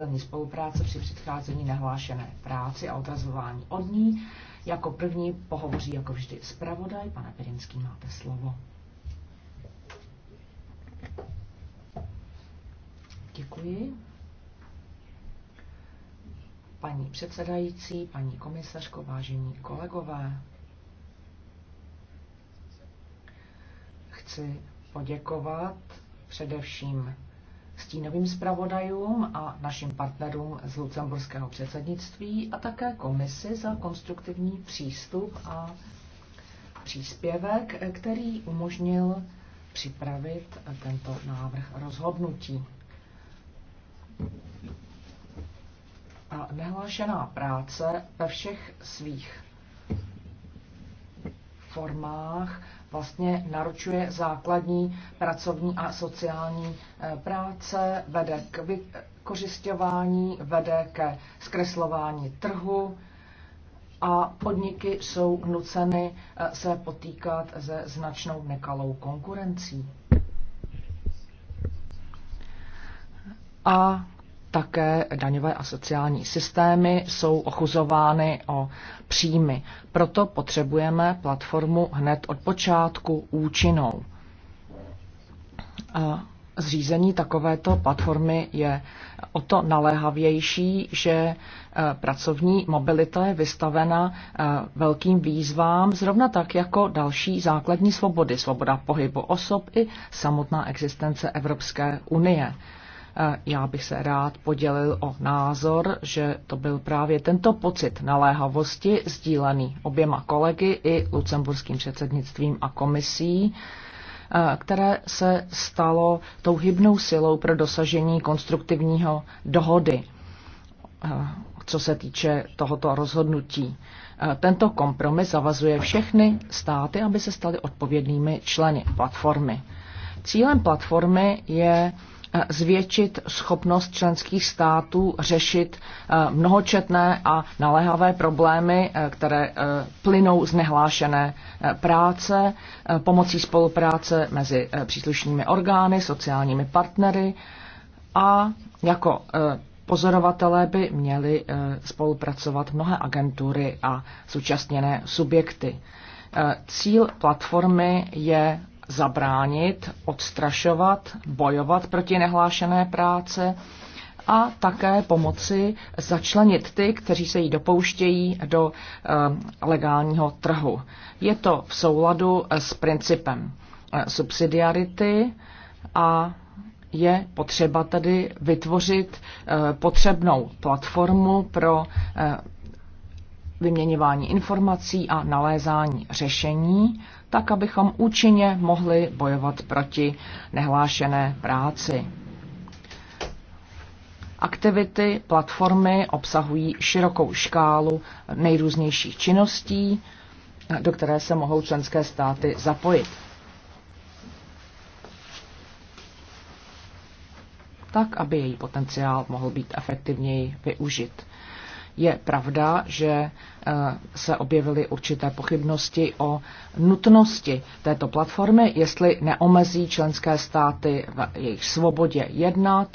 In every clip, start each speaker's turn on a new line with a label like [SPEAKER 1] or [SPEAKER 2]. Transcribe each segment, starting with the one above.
[SPEAKER 1] mezinárodní spolupráce při předcházení nahlášené práci a odrazování od ní. Jako první pohovoří jako vždy zpravodaj. Pane Pirinský, máte slovo. Děkuji. Paní předsedající, paní komisařko, vážení kolegové, chci poděkovat především stínovým zpravodajům a našim partnerům z lucemburského předsednictví a také komisi za konstruktivní přístup a příspěvek, který umožnil připravit tento návrh rozhodnutí. A nehlášená práce ve všech svých formách vlastně naručuje základní pracovní a sociální eh, práce, vede k vykořišťování, vede ke zkreslování trhu a podniky jsou nuceny eh, se potýkat se značnou nekalou konkurencí. A také daňové a sociální systémy jsou ochuzovány o příjmy. Proto potřebujeme platformu hned od počátku účinnou. Zřízení takovéto platformy je o to naléhavější, že e, pracovní mobilita je vystavena e, velkým výzvám, zrovna tak jako další základní svobody, svoboda pohybu osob i samotná existence Evropské unie. Eh, já bych se rád podělil o názor, že to byl právě tento pocit naléhavosti sdílený oběma kolegy i lucemburským předsednictvím a komisí, eh, které se stalo tou hybnou silou pro dosažení konstruktivního dohody, eh, co se týče tohoto rozhodnutí. Tento kompromis zavazuje všechny státy, aby se staly odpovědnými členy platformy. Cílem platformy je zvětšit schopnost členských států řešit eh, mnohočetné a naléhavé problémy, eh, které eh, plynou z nehlášené práce pomocí spolupráce mezi příslušnými orgány, sociálními partnery a jako pozorovatelé by měli spolupracovat mnohé agentury a současněné subjekty. Cíl platformy je zabránit, odstrašovat, bojovat proti nehlášené práce a také pomoci začlenit ty, kteří se jí dopouštějí do eh, legálního trhu. Je to v souladu eh, s principem eh, subsidiarity a je potřeba tedy vytvořit potřebnou platformu pro vyměňování informací a nalézání řešení tak abychom účinně mohli bojovat proti nehlášené práci. Aktivity platformy obsahují širokou škálu nejrůznějších činností, do které se mohou členské státy zapojit. tak, aby její potenciál mohl být efektivněji využit. Je pravda, že eh, se objevily určité pochybnosti o nutnosti této platformy, jestli neomezí členské státy v jejich svobodě jednat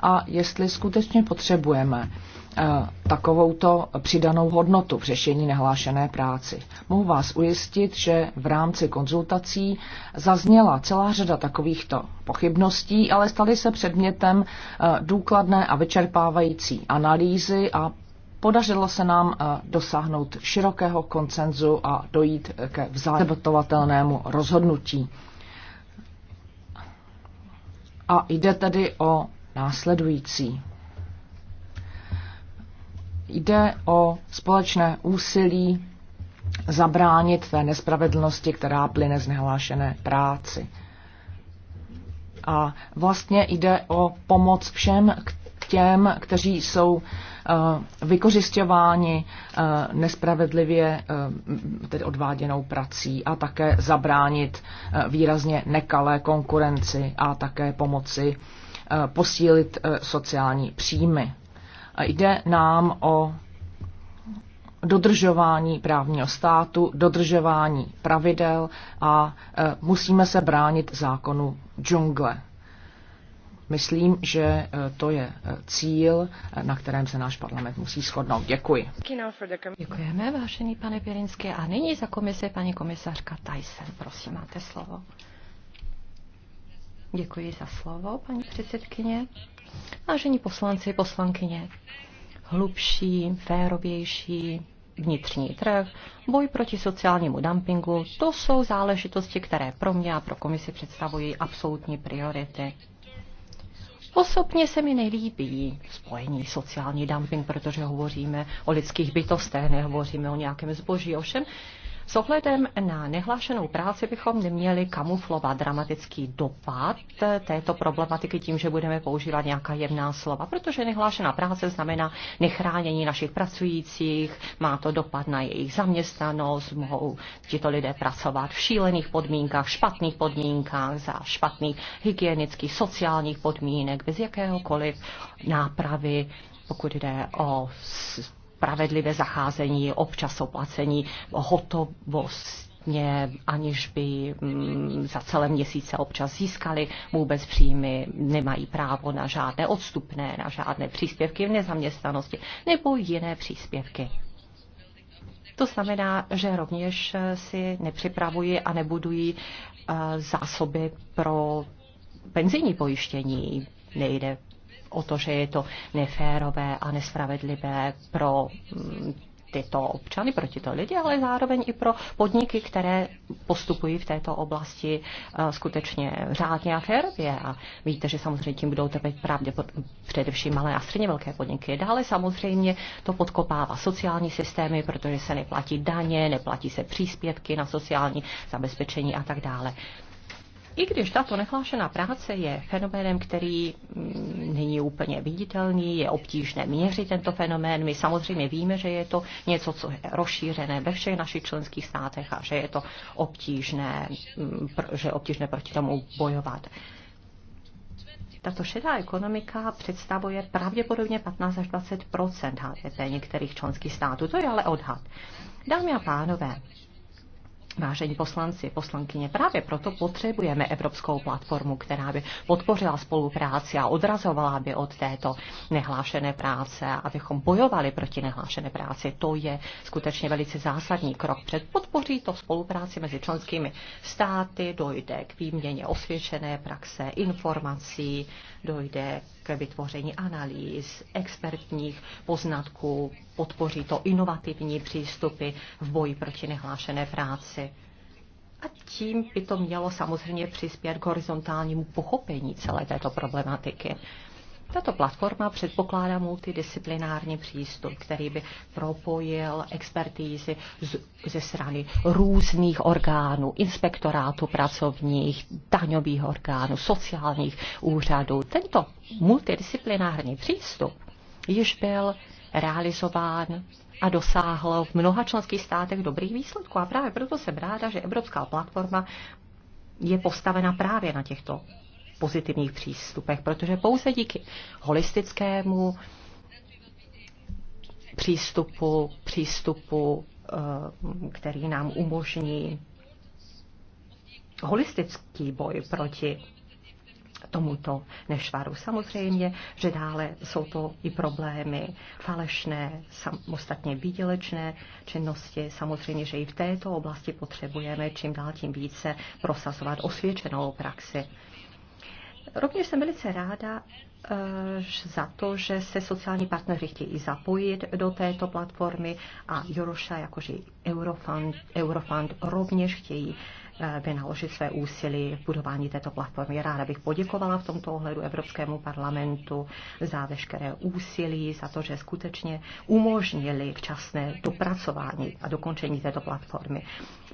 [SPEAKER 1] a jestli skutečně potřebujeme eh, takovouto přidanou hodnotu v řešení nehlášené práci. Mohu vás ujistit, že v rámci konzultací zazněla celá řada takovýchto pochybností, ale staly se předmětem eh, důkladné a vyčerpávající analýzy a Podařilo se nám eh, dosáhnout širokého koncenzu a dojít eh, ke vzájemně rozhodnutí. A jde tedy o následující. Jde o společné úsilí zabránit té nespravedlnosti, která plyne z nehlášené práci. A vlastně jde o pomoc všem těm, kteří jsou Eh, vykořišťováni eh, nespravedlivě eh, tedy odváděnou prací a také zabránit výrazně nekalé konkurenci a také pomoci posílit sociální příjmy. Jde nám o dodržování právního státu, dodržování pravidel a musíme se bránit zákonu džungle. Myslím, že e, to je e, cíl, e, na kterém se náš parlament musí shodnout. Děkuji.
[SPEAKER 2] Děkujeme, vážený pane Pěrinské. A nyní za komise paní komisařka Tyson. Prosím, máte slovo. Děkuji za slovo, paní předsedkyně. Vážení poslanci, poslankyně, hlubší, férovější, vnitřní trh, boj proti sociálnímu dumpingu, to jsou záležitosti, které pro mě a pro komisi představují absolutní priority. Osobně se mi nelíbí spojení sociální dumping, protože hovoříme o lidských bytostech, nehovoříme o nějakém zboží. Ovšem, s ohledem na nehlášenou práci bychom neměli kamuflovat dramatický dopad této problematiky tím, že budeme používat nějaká jemná slova, protože nehlášená práce znamená nechránění našich pracujících, má to dopad na jejich zaměstnanost, mohou tito lidé pracovat v šílených podmínkách, špatných podmínkách, za špatných hygienických, sociálních podmínek, bez jakéhokoliv nápravy, pokud jde o spravedlivé zacházení, občas oplacení hotovost aniž by mm, za celé měsíce občas získali vůbec příjmy, nemají právo na žádné odstupné, na žádné příspěvky v nezaměstnanosti nebo jiné příspěvky. To znamená, že rovněž si nepřipravují a nebudují eh, zásoby pro penzijní pojištění. Nejde o to, že je to neférové a nespravedlivé pro mm, tyto občany, pro tyto lidi, ale zároveň i pro podniky, které postupují v této oblasti eh, skutečně řádně a férově. A víte, že samozřejmě tím budou trpět pravděpodobně především malé a středně velké podniky. Dále samozřejmě to podkopává sociální systémy, protože se neplatí daně, neplatí se příspěvky na sociální zabezpečení a tak dále. I když tato nehlášená práce je fenoménem, který mm, není úplně viditelný, je obtížné měřit tento fenomén. My samozřejmě víme, že je to něco, co je rozšířené ve všech našich členských státech a že je to obtížné, mm, že je obtížné proti tomu bojovat. Tato šedá ekonomika představuje pravděpodobně 15 až 20 HDP některých členských států. To je ale odhad. Dámy a pánové, Vážení poslanci, poslankyně, právě proto potřebujeme evropskou platformu, která by podpořila spolupráci a odrazovala by od této nehlášené práce, abychom bojovali proti nehlášené práci. To je skutečně velice zásadní krok před. Podpoří to spolupráci mezi členskými státy, dojde k výměně osvědčené praxe, informací, dojde k vytvoření analýz, expertních poznatků, podpoří to inovativní přístupy v boji proti nehlášené práci. A tím by to mělo samozřejmě přispět k horizontálnímu pochopení celé této problematiky. Tato platforma předpokládá multidisciplinární přístup, který by propojil expertízy z, ze strany různých orgánů, inspektorátu pracovních, daňových orgánů, sociálních úřadů. Tento multidisciplinární přístup již byl realizován a dosáhl v mnoha členských státech dobrých výsledků. A právě proto jsem ráda, že Evropská platforma je postavena právě na těchto pozitivních přístupech, protože pouze díky holistickému přístupu, přístupu, eh, který nám umožní holistický boj proti tomuto nešvaru. Samozřejmě, že dále jsou to i problémy falešné, samostatně výdělečné činnosti. Samozřejmě, že i v této oblasti potřebujeme čím dál tím více prosazovat osvědčenou praxi. Rovněž jsem velice ráda eh, za to, že se sociální partneři chtějí zapojit do této platformy a Joroša, jakože Eurofund, Eurofund rovněž chtějí Eh, vynaložit své úsilí v budování této platformy. Ráda bych poděkovala v tomto ohledu Evropskému parlamentu za veškeré úsilí, za to, že skutečně umožnili včasné dopracování a dokončení této platformy,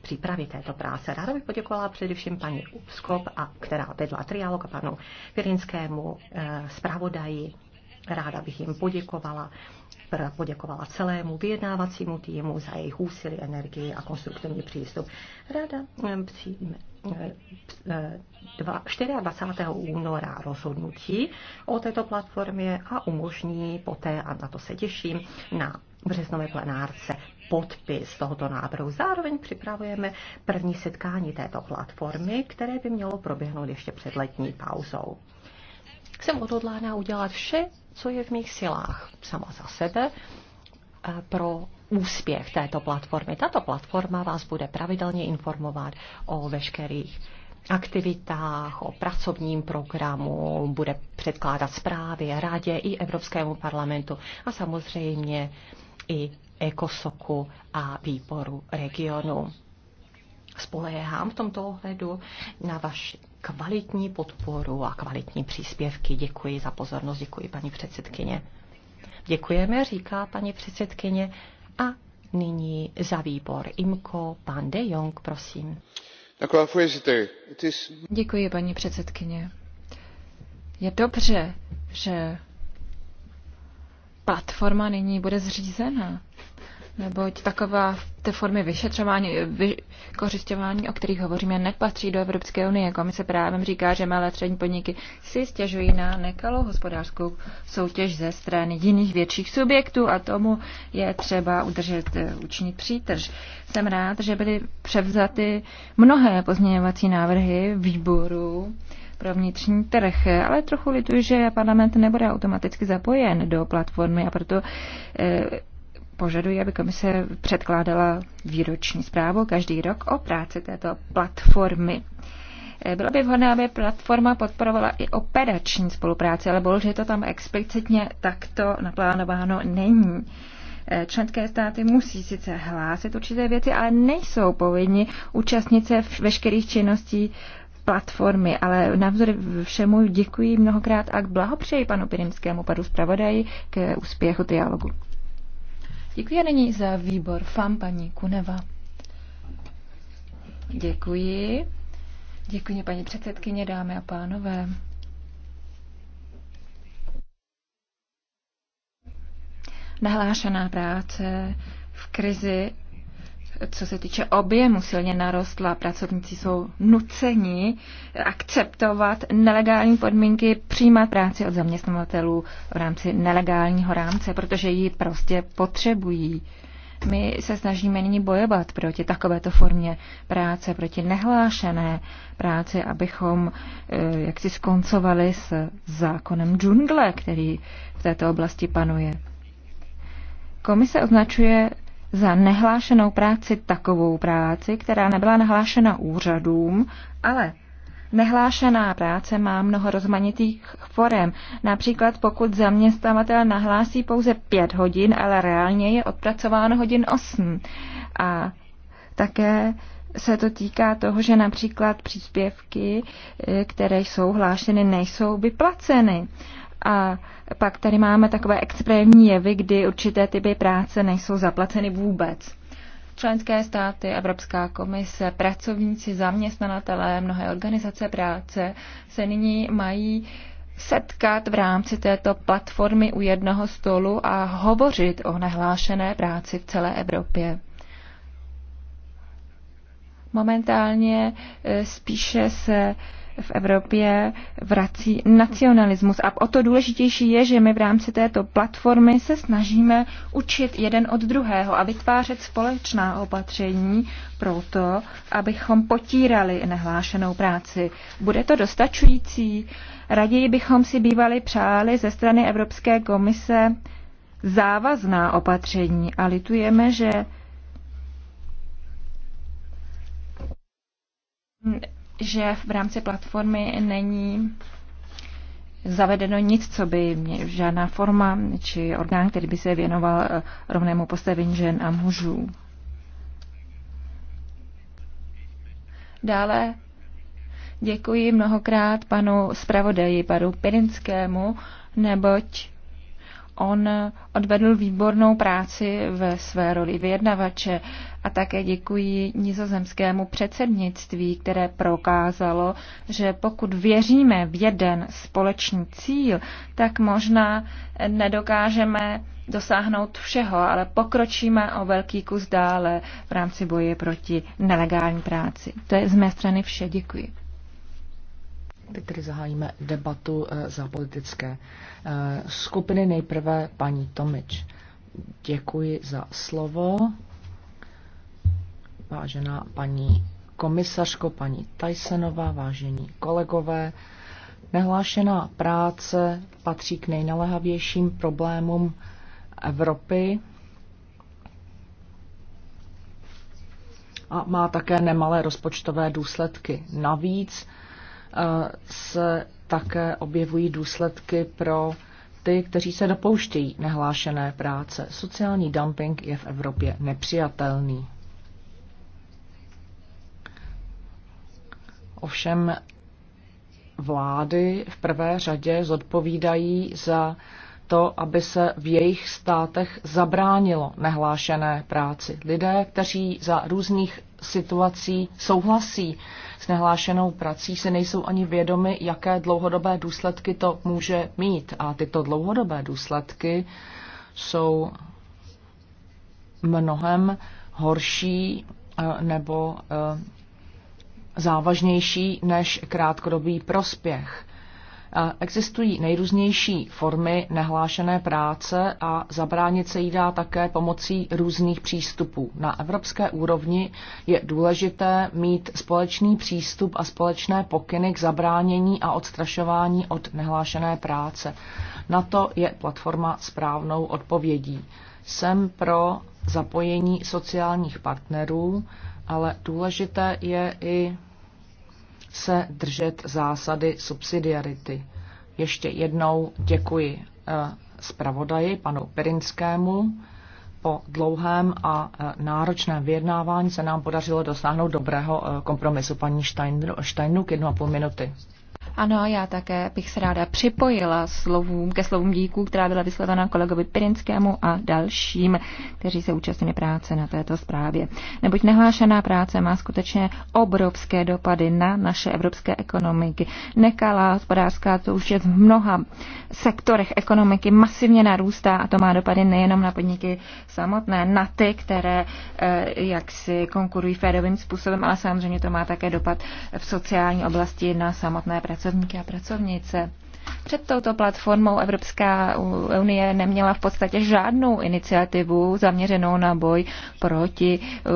[SPEAKER 2] přípravy této práce. Ráda bych poděkovala především paní Upskop, a, která vedla triálog a panu Pirinskému e, zpravodaji. Ráda bych jim poděkovala Pr poděkovala celému vyjednávacímu týmu za jejich úsilí, energii a konstruktivní přístup. Rada eh, přijme 24. Eh, eh, února rozhodnutí o této platformě a umožní poté, a na to se těším, na březnové plenárce podpis tohoto návrhu. Zároveň připravujeme první setkání této platformy, které by mělo proběhnout ještě před letní pauzou. Jsem odhodlána udělat vše, co je v mých silách sama za sebe eh, pro úspěch této platformy. Tato platforma vás bude pravidelně informovat o veškerých aktivitách, o pracovním programu, bude předkládat zprávy Radě i Evropskému parlamentu a samozřejmě i ekosoku a výboru regionu. Spolehám v tomto ohledu na vaši kvalitní podporu a kvalitní příspěvky. Děkuji za pozornost, děkuji paní předsedkyně. Děkujeme, říká paní předsedkyně. A nyní za výbor IMKO, pan De Jong, prosím. Děkuji, paní předsedkyně. Je dobře, že
[SPEAKER 3] platforma nyní bude zřízena neboť taková ty formy vyšetřování, vykořišťování, o kterých hovoříme, nepatří do Evropské unie. Komise právem říká, že malé střední podniky si stěžují na nekalou hospodářskou soutěž ze strany jiných větších subjektů a tomu je třeba udržet učinit eh, přítrž. Jsem rád, že byly převzaty mnohé pozměňovací návrhy výboru pro vnitřní trh, ale trochu lituji, že parlament nebude automaticky zapojen do platformy a proto eh, požaduji, aby komise předkládala výroční zprávu každý rok o práci této platformy. Eh, Bylo by vhodné, aby platforma podporovala i operační spolupráci, ale bohužel to tam explicitně takto naplánováno není. Eh, Členské státy musí sice hlásit určité věci, ale nejsou povinni účastnit se veškerých činností platformy, ale navzory všemu děkuji mnohokrát a blahopřeji panu Pirinskému panu zpravodaji k úspěchu dialogu. Děkuji a nyní za výbor FAM paní Kuneva. Děkuji. Děkuji paní předsedkyně, dámy a pánové. Nahlášená práce v krizi co se týče objemu, silně narostla. Pracovníci jsou nuceni akceptovat nelegální podmínky, přijímat práci od zaměstnavatelů v rámci nelegálního rámce, protože ji prostě potřebují. My se snažíme nyní bojovat proti takovéto formě práce, proti nehlášené práci, abychom eh, jaksi skoncovali s zákonem džungle, který v této oblasti panuje. Komise označuje za nehlášenou práci takovou práci, která nebyla nahlášena úřadům, ale Nehlášená práce má mnoho rozmanitých forem. Například pokud zaměstnavatel nahlásí pouze pět hodin, ale reálně je odpracováno hodin osm. A také se to týká toho, že například příspěvky, eh, které jsou hlášeny, nejsou vyplaceny. A pak tady máme takové extrémní jevy, kdy určité typy práce nejsou zaplaceny vůbec. Členské státy, Evropská komise, pracovníci, zaměstnanatelé mnohé organizace práce se nyní mají setkat v rámci této platformy u jednoho stolu a hovořit o nehlášené práci v celé Evropě. Momentálně eh, spíše se v Evropě vrací nacionalismus. A o to důležitější je, že my v rámci této platformy se snažíme učit jeden od druhého a vytvářet společná opatření pro to, abychom potírali nehlášenou práci. Bude to dostačující? Raději bychom si bývali přáli ze strany Evropské komise závazná opatření a litujeme, že že v rámci platformy není zavedeno nic, co by mě, žádná forma či orgán, který by se věnoval eh, rovnému postavení žen a mužů. Dále děkuji mnohokrát panu zpravodaji, panu Pirinskému, neboť on odvedl výbornou práci ve své roli vyjednavače a také děkuji nizozemskému předsednictví, které prokázalo, že pokud věříme v jeden společný cíl, tak možná nedokážeme dosáhnout všeho, ale pokročíme o velký kus dále v rámci boje proti nelegální
[SPEAKER 1] práci. To je z mé strany vše. Děkuji. Teď tedy zahájíme debatu eh, za politické eh, skupiny. Nejprve paní Tomič. Děkuji za slovo. Vážená paní komisařko, paní Tysonová, vážení kolegové, nehlášená práce patří k nejnalehavějším problémům Evropy a má také nemalé rozpočtové důsledky. Navíc se také objevují důsledky pro ty, kteří se dopouštějí nehlášené práce. Sociální dumping je v Evropě nepřijatelný. Ovšem vlády v prvé řadě zodpovídají za to, aby se v jejich státech zabránilo nehlášené práci. Lidé, kteří za různých situací souhlasí. S nehlášenou prací si nejsou ani vědomi, jaké dlouhodobé důsledky to může mít. A tyto dlouhodobé důsledky jsou mnohem horší eh, nebo eh, závažnější než krátkodobý prospěch. Existují nejrůznější formy nehlášené práce a zabránit se jí dá také pomocí různých přístupů. Na evropské úrovni je důležité mít společný přístup a společné pokyny k zabránění a odstrašování od nehlášené práce. Na to je platforma správnou odpovědí. Jsem pro zapojení sociálních partnerů, ale důležité je i se držet zásady subsidiarity. Ještě jednou děkuji eh, zpravodaji panu Perinskému. Po dlouhém a eh, náročném vyjednávání se nám podařilo dosáhnout dobrého eh, kompromisu. Paní Steinu k jednu a půl minuty. Ano,
[SPEAKER 3] já také bych se ráda připojila slovům, ke slovům díků, která byla vyslovena kolegovi Pirinskému a dalším, kteří se účastnili práce na této zprávě. Neboť nehlášená práce má skutečně obrovské dopady na naše evropské ekonomiky. Nekalá hospodářská to už je v mnoha sektorech ekonomiky masivně narůstá a to má dopady nejenom na podniky samotné, na ty, které eh, jak si konkurují férovým způsobem, ale samozřejmě to má také dopad v sociální oblasti na samotné práce pracovníky a pracovnice. Před touto platformou Evropská unie neměla v podstatě žádnou iniciativu zaměřenou na boj proti eh,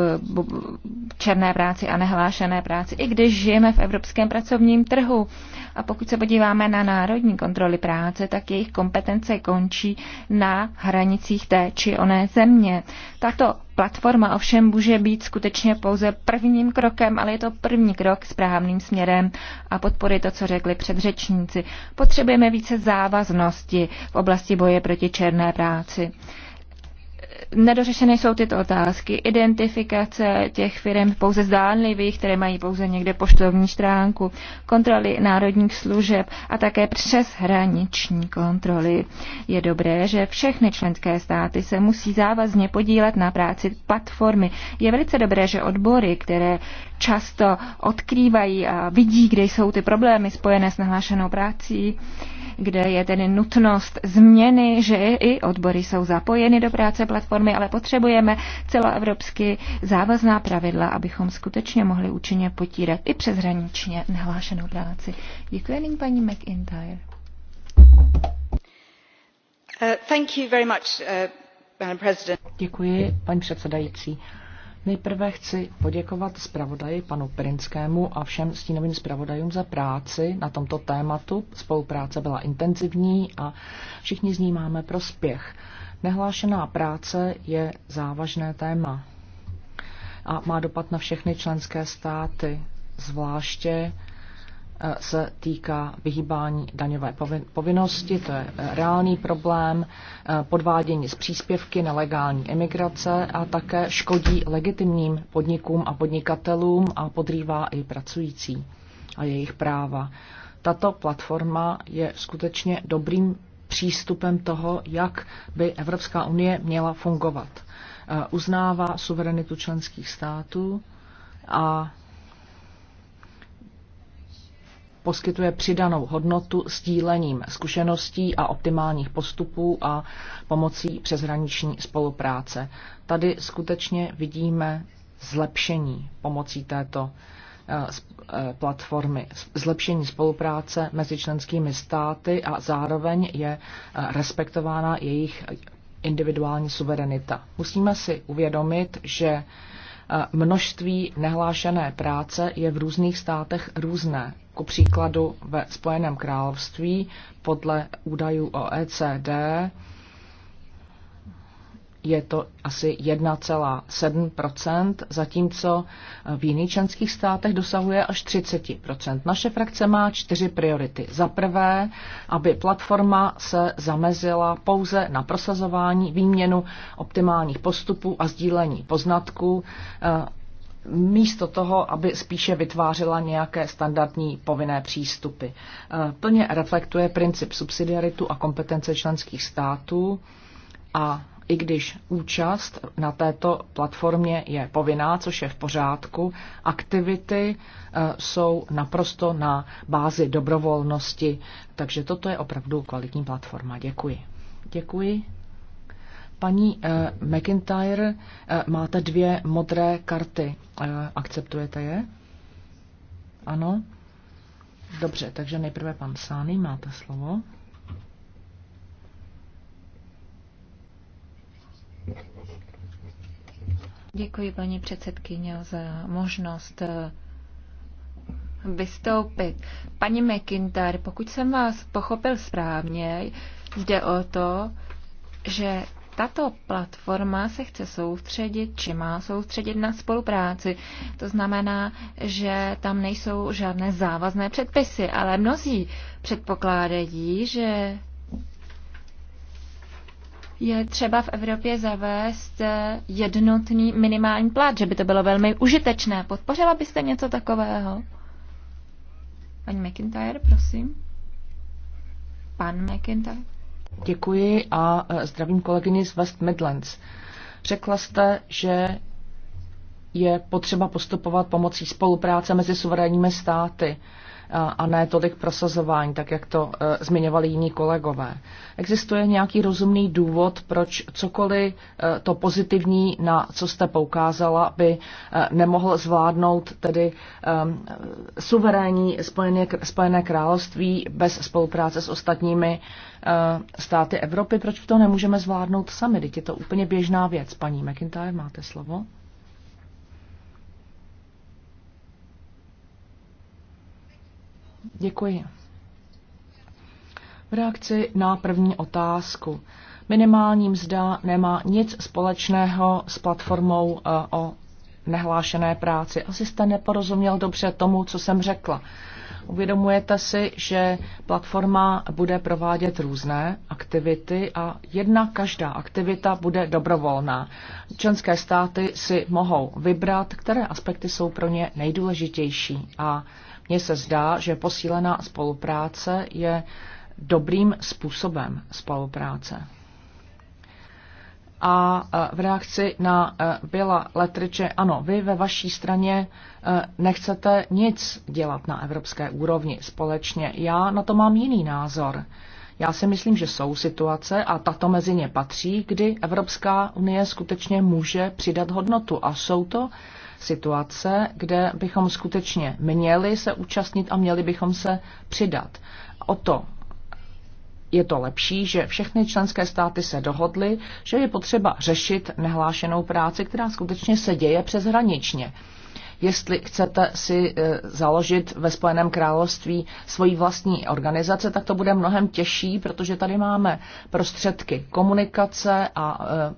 [SPEAKER 3] černé práci a nehlášené práci, i když žijeme v evropském pracovním trhu. A pokud se podíváme na národní kontroly práce, tak jejich kompetence končí na hranicích té či oné země. Tato Platforma ovšem může být skutečně pouze prvním krokem, ale je to první krok správným směrem a podpory to, co řekli předřečníci. Potřebujeme více závaznosti v oblasti boje proti černé práci nedořešené jsou tyto otázky. Identifikace těch firm pouze zdánlivých, které mají pouze někde poštovní stránku, kontroly národních služeb a také přeshraniční kontroly. Je dobré, že všechny členské státy se musí závazně podílet na práci platformy. Je velice dobré, že odbory, které často odkrývají a vidí, kde jsou ty problémy spojené s nahlášenou prací, kde je tedy nutnost změny, že i odbory jsou zapojeny do práce platformy, ale potřebujeme celoevropsky závazná pravidla, abychom skutečně mohli účinně potírat i přeshraničně nehlášenou práci. Děkuji nyní paní McIntyre.
[SPEAKER 1] Uh, thank you very much, uh, Děkuji, paní předsedající Nejprve chci poděkovat zpravodaji panu Perinskému a všem stínovým zpravodajům za práci na tomto tématu. Spolupráce byla intenzivní a všichni z ní máme prospěch. Nehlášená práce je závažné téma a má dopad na všechny členské státy, zvláště Eh, se týká vyhýbání daňové povinnosti, to je eh, reálný problém, eh, podvádění z příspěvky, nelegální imigrace a také škodí legitimním podnikům a podnikatelům a podrývá i pracující a jejich práva. Tato platforma je skutečně dobrým přístupem toho, jak by Evropská unie měla fungovat. Uznává suverenitu členských států a poskytuje přidanou hodnotu sdílením zkušeností a optimálních postupů a pomocí přeshraniční spolupráce. Tady skutečně vidíme zlepšení pomocí této eh, eh, platformy, zlepšení spolupráce mezi členskými státy a zároveň je eh, respektována jejich individuální suverenita. Musíme si uvědomit, že množství nehlášené práce je v různých státech různé. Ku příkladu ve Spojeném království podle údajů OECD je to asi 1,7%, zatímco v jiných členských státech dosahuje až 30%. Naše frakce má čtyři priority. Za prvé, aby platforma se zamezila pouze na prosazování, výměnu optimálních postupů a sdílení poznatků, eh, místo toho, aby spíše vytvářela nějaké standardní povinné přístupy. Eh, plně reflektuje princip subsidiaritu a kompetence členských států a i když účast na této platformě je povinná, což je v pořádku, aktivity e, jsou naprosto na bázi dobrovolnosti, takže toto je opravdu kvalitní platforma. Děkuji. Děkuji. Paní e, McIntyre, e, máte dvě modré karty. Akceptujete je? Ano? Dobře, takže nejprve pan Sány, máte slovo.
[SPEAKER 3] Děkuji paní předsedkyně za možnost eh, vystoupit. Paní McIntyre, pokud jsem vás pochopil správně, jde o to, že tato platforma se chce soustředit, či má soustředit na spolupráci. To znamená, že tam nejsou žádné závazné předpisy, ale mnozí předpokládají, že je třeba v Evropě zavést eh, jednotný minimální plat, že by to bylo velmi užitečné. Podpořila byste něco takového? Paní McIntyre, prosím. Pan McIntyre.
[SPEAKER 1] Děkuji a eh, zdravím kolegyni z West Midlands. Řekla jste, že je potřeba postupovat pomocí spolupráce mezi suverénními státy a ne tolik prosazování, tak jak to e, zmiňovali jiní kolegové. Existuje nějaký rozumný důvod, proč cokoliv e, to pozitivní, na co jste poukázala, by e, nemohl zvládnout tedy suverénní Spojené, Spojené království bez spolupráce s ostatními státy Evropy? Proč to nemůžeme zvládnout sami? Teď je to úplně běžná věc. Paní McIntyre, máte slovo. Děkuji. V reakci na první otázku. Minimální mzda nemá nic společného s platformou eh, o nehlášené práci. Asi jste neporozuměl dobře tomu, co jsem řekla. Uvědomujete si, že platforma bude provádět různé aktivity a jedna každá aktivita bude dobrovolná. Členské státy si mohou vybrat, které aspekty jsou pro ně nejdůležitější a mně se zdá, že posílená spolupráce je dobrým způsobem spolupráce. A e, v reakci na e, byla Letriče, ano, vy ve vaší straně e, nechcete nic dělat na evropské úrovni společně. Já na to mám jiný názor. Já si myslím, že jsou situace, a tato mezi ně patří, kdy Evropská unie skutečně může přidat hodnotu. A jsou to situace, kde bychom skutečně měli se účastnit a měli bychom se přidat. O to je to lepší, že všechny členské státy se dohodly, že je potřeba řešit nehlášenou práci, která skutečně se děje přeshraničně. Jestli chcete si e, založit ve Spojeném království svoji vlastní organizace, tak to bude mnohem těžší, protože tady máme prostředky komunikace a e,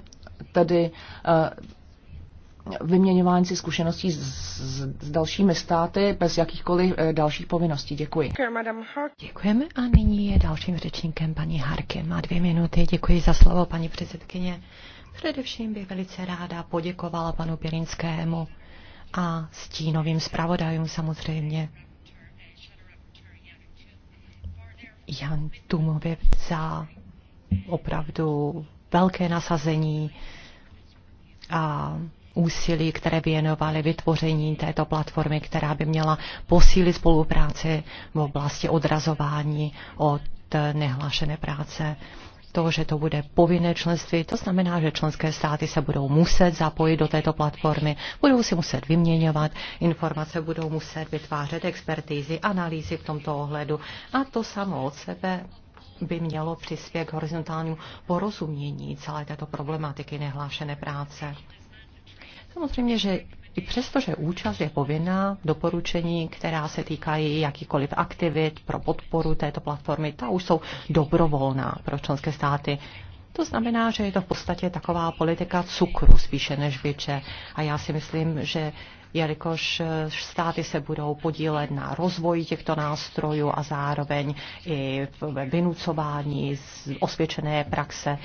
[SPEAKER 1] tedy e, vyměňování si zkušeností s, s, s dalšími státy bez jakýchkoliv eh, dalších povinností. Děkuji.
[SPEAKER 2] Děkujeme a nyní je dalším řečníkem paní Harkin. Má dvě minuty. Děkuji za slovo, paní předsedkyně. Především bych velice ráda poděkovala panu Pirinskému a stínovým zpravodajům samozřejmě. Jan Tumově za opravdu velké nasazení a úsilí, které věnovali vytvoření této platformy, která by měla posílit spolupráci v oblasti odrazování od nehlášené práce to, že to bude povinné členství, to znamená, že členské státy se budou muset zapojit do této platformy, budou si muset vyměňovat informace, budou muset vytvářet expertízy, analýzy v tomto ohledu a to samo od sebe by mělo přispět k horizontálnímu porozumění celé této problematiky nehlášené práce. Samozřejmě, že i přesto, že účast je povinná, doporučení, která se týkají jakýkoliv aktivit pro podporu této platformy, ta už jsou dobrovolná pro členské státy. To znamená, že je to v podstatě taková politika cukru spíše než byče. A já si myslím, že jelikož státy se budou podílet na rozvoji těchto nástrojů a zároveň i vynucování osvědčené praxe,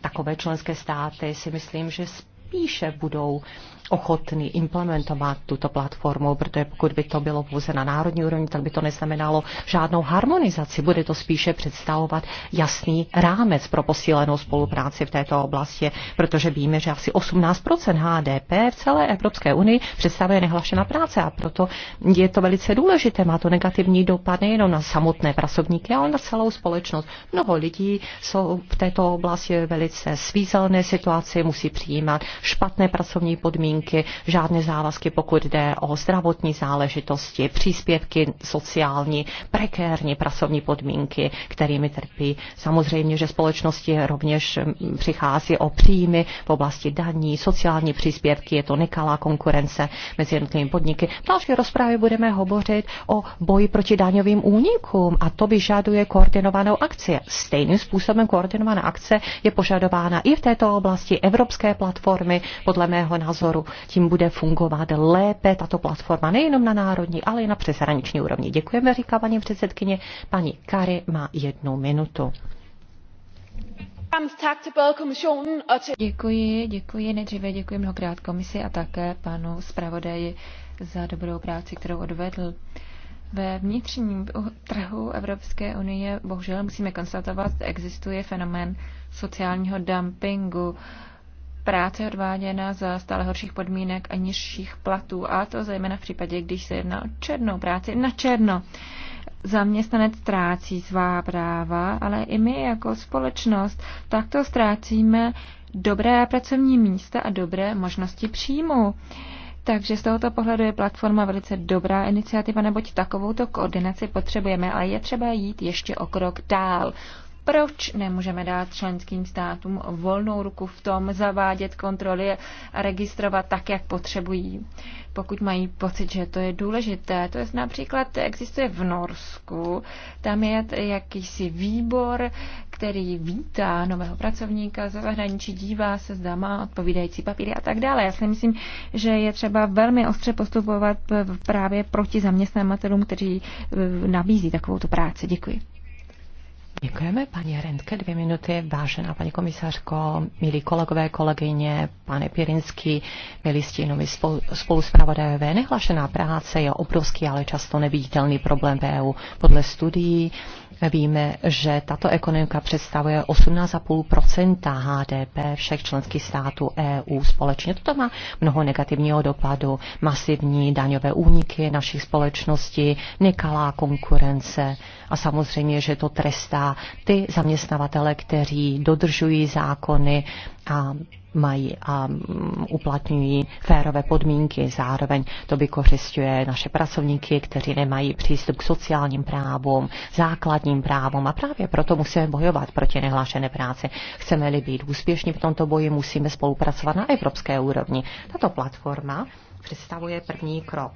[SPEAKER 2] takové členské státy si myslím, že spíše budou ochotný implementovat tuto platformu, protože pokud by to bylo pouze na národní úrovni, tak by to neznamenalo žádnou harmonizaci. Bude to spíše představovat jasný rámec pro posílenou spolupráci v této oblasti, protože víme, že asi 18 HDP v celé Evropské unii představuje nehlašená práce a proto je to velice důležité. Má to negativní dopad nejenom na samotné pracovníky, ale na celou společnost. Mnoho lidí jsou v této oblasti velice svízelné situaci, musí přijímat špatné pracovní podmínky podmínky, žádné závazky, pokud jde o zdravotní záležitosti, příspěvky sociální, prekérní pracovní podmínky, kterými trpí. Samozřejmě, že společnosti rovněž přichází o příjmy v oblasti daní, sociální příspěvky, je to nekalá konkurence mezi jednotlivými podniky. V další rozprávě budeme hovořit o boji proti daňovým únikům a to vyžaduje koordinovanou akci. Stejným způsobem koordinovaná akce je požadována i v této oblasti evropské platformy, podle mého názoru tím bude fungovat lépe tato platforma nejenom na národní, ale i na přeshraniční úrovni. Děkujeme, říká paní předsedkyně. Paní Kary má jednu minutu.
[SPEAKER 3] Děkuji, děkuji. Nejdříve děkuji mnohokrát komisi a také panu zpravodaji za dobrou práci, kterou odvedl. Ve vnitřním trhu Evropské unie bohužel musíme konstatovat, že existuje fenomén sociálního dumpingu práce odváděna za stále horších podmínek a nižších platů, a to zejména v případě, když se jedná o černou práci na černo. Zaměstnanec ztrácí svá práva, ale i my jako společnost takto ztrácíme dobré pracovní místa a dobré možnosti příjmu. Takže z tohoto pohledu je platforma velice dobrá iniciativa, neboť takovouto koordinaci potřebujeme, ale je třeba jít ještě o krok dál. Proč nemůžeme dát členským státům volnou ruku v tom zavádět kontroly a registrovat tak, jak potřebují, pokud mají pocit, že to je důležité? To je například existuje v Norsku, tam je jakýsi výbor, který vítá nového pracovníka ze zahraničí, dívá se, zda má odpovídající papíry a tak dále. Já si myslím, že je třeba velmi ostře postupovat právě proti zaměstnavatelům, kteří eh, nabízí takovou práci. Děkuji.
[SPEAKER 2] Děkujeme, paní Rentke, dvě minuty. Vážená paní komisařko, milí kolegové, kolegyně, pane Pirinský, milí stínovi spolu spoluspravodajové, nehlašená práce je obrovský, ale často neviditelný problém EU Podle studií Víme, že tato ekonomika představuje 18,5 HDP všech členských států EU společně. Toto má mnoho negativního dopadu, masivní daňové úniky našich společností, nekalá konkurence a samozřejmě, že to trestá ty zaměstnavatele, kteří dodržují zákony a mají a uplatňují férové podmínky. Zároveň to kořistuje naše pracovníky, kteří nemají přístup k sociálním právům, základním právům a právě proto musíme bojovat proti nehlášené práci. Chceme-li být úspěšní v tomto boji, musíme spolupracovat na evropské úrovni. Tato platforma představuje první krok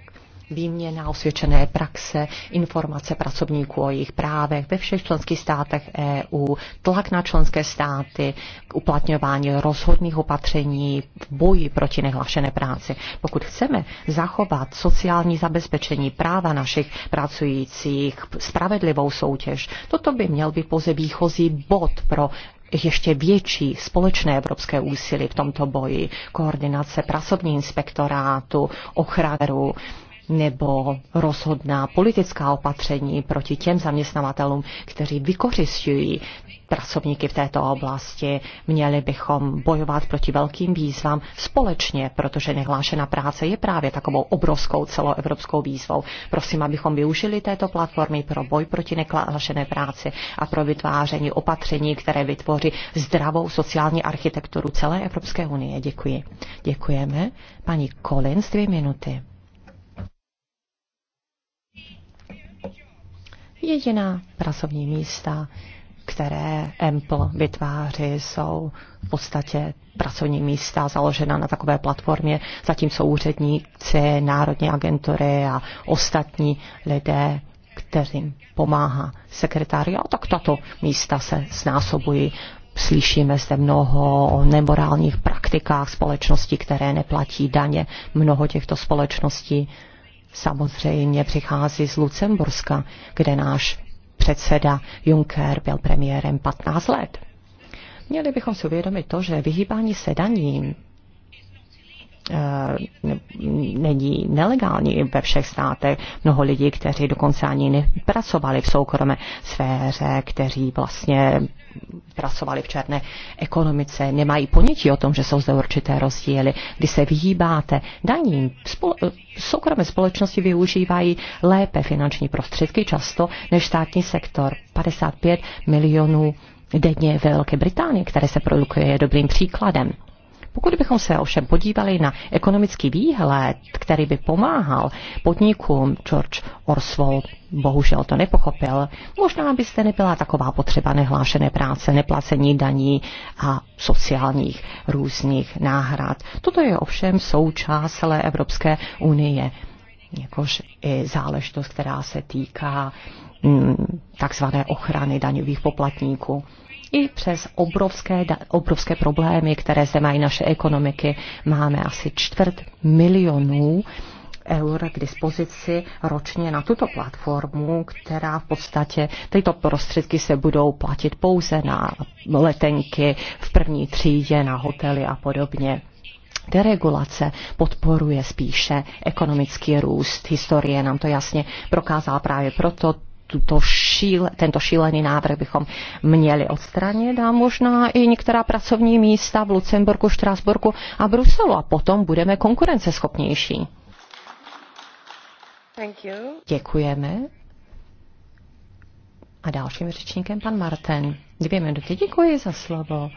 [SPEAKER 2] výměna osvědčené praxe, informace pracovníků o jejich právech ve všech členských státech EU, tlak na členské státy k uplatňování rozhodných opatření v boji proti nehlašené práci. Pokud chceme zachovat sociální zabezpečení práva našich pracujících, spravedlivou soutěž, toto by měl být pouze výchozí bod pro ještě větší společné evropské úsilí v tomto boji, koordinace pracovní inspektorátu, ochranu nebo rozhodná politická opatření proti těm zaměstnavatelům, kteří vykořišťují pracovníky v této oblasti. Měli bychom bojovat proti velkým výzvám společně, protože nehlášená práce je právě takovou obrovskou celoevropskou výzvou. Prosím, abychom využili této platformy pro boj proti nehlášené práci a pro vytváření opatření, které vytvoří zdravou sociální architekturu celé Evropské unie. Děkuji. Děkujeme. Paní Collins, dvě minuty. Jediná pracovní místa, které EMPL vytváří, jsou v podstatě pracovní místa založena na takové platformě, zatímco úředníci, národní agentury a ostatní lidé, kterým pomáhá a tak tato místa se znásobují. Slyšíme zde mnoho o nemorálních praktikách společností, které neplatí daně. Mnoho těchto společností samozřejmě přichází z Lucemburska, kde náš předseda Juncker byl premiérem 15 let. Měli bychom si uvědomit to, že vyhýbání se daním Eh, není nelegální ve všech státech. Mnoho lidí, kteří dokonce ani nepracovali v soukromé sféře, kteří vlastně pracovali v černé ekonomice, nemají ponětí o tom, že jsou zde určité rozdíly. Kdy se vyhýbáte daním, spol- soukromé společnosti využívají lépe finanční prostředky často než státní sektor. 55 milionů denně ve Velké Británii, které se produkuje, je dobrým příkladem. Pokud bychom se ovšem podívali na ekonomický výhled, který by pomáhal podnikům, George Orswell bohužel to nepochopil, možná byste nebyla taková potřeba nehlášené práce, neplacení daní a sociálních různých náhrad. Toto je ovšem součást celé Evropské unie, jakož i záležitost, která se týká mm, takzvané ochrany daňových poplatníků. I přes obrovské, obrovské problémy, které zde mají naše ekonomiky, máme asi čtvrt milionů eur k dispozici ročně na tuto platformu, která v podstatě tyto prostředky se budou platit pouze na letenky v první třídě, na hotely a podobně. Deregulace podporuje spíše ekonomický růst. Historie nám to jasně prokázala právě proto tuto šíle, tento šílený návrh bychom měli odstranit a možná i některá pracovní místa v Lucemburku, Štrásburku a Bruselu a potom budeme konkurenceschopnější. Thank you. Děkujeme. A dalším řečníkem pan Marten. Dvě minuty. Děkuji za slovo.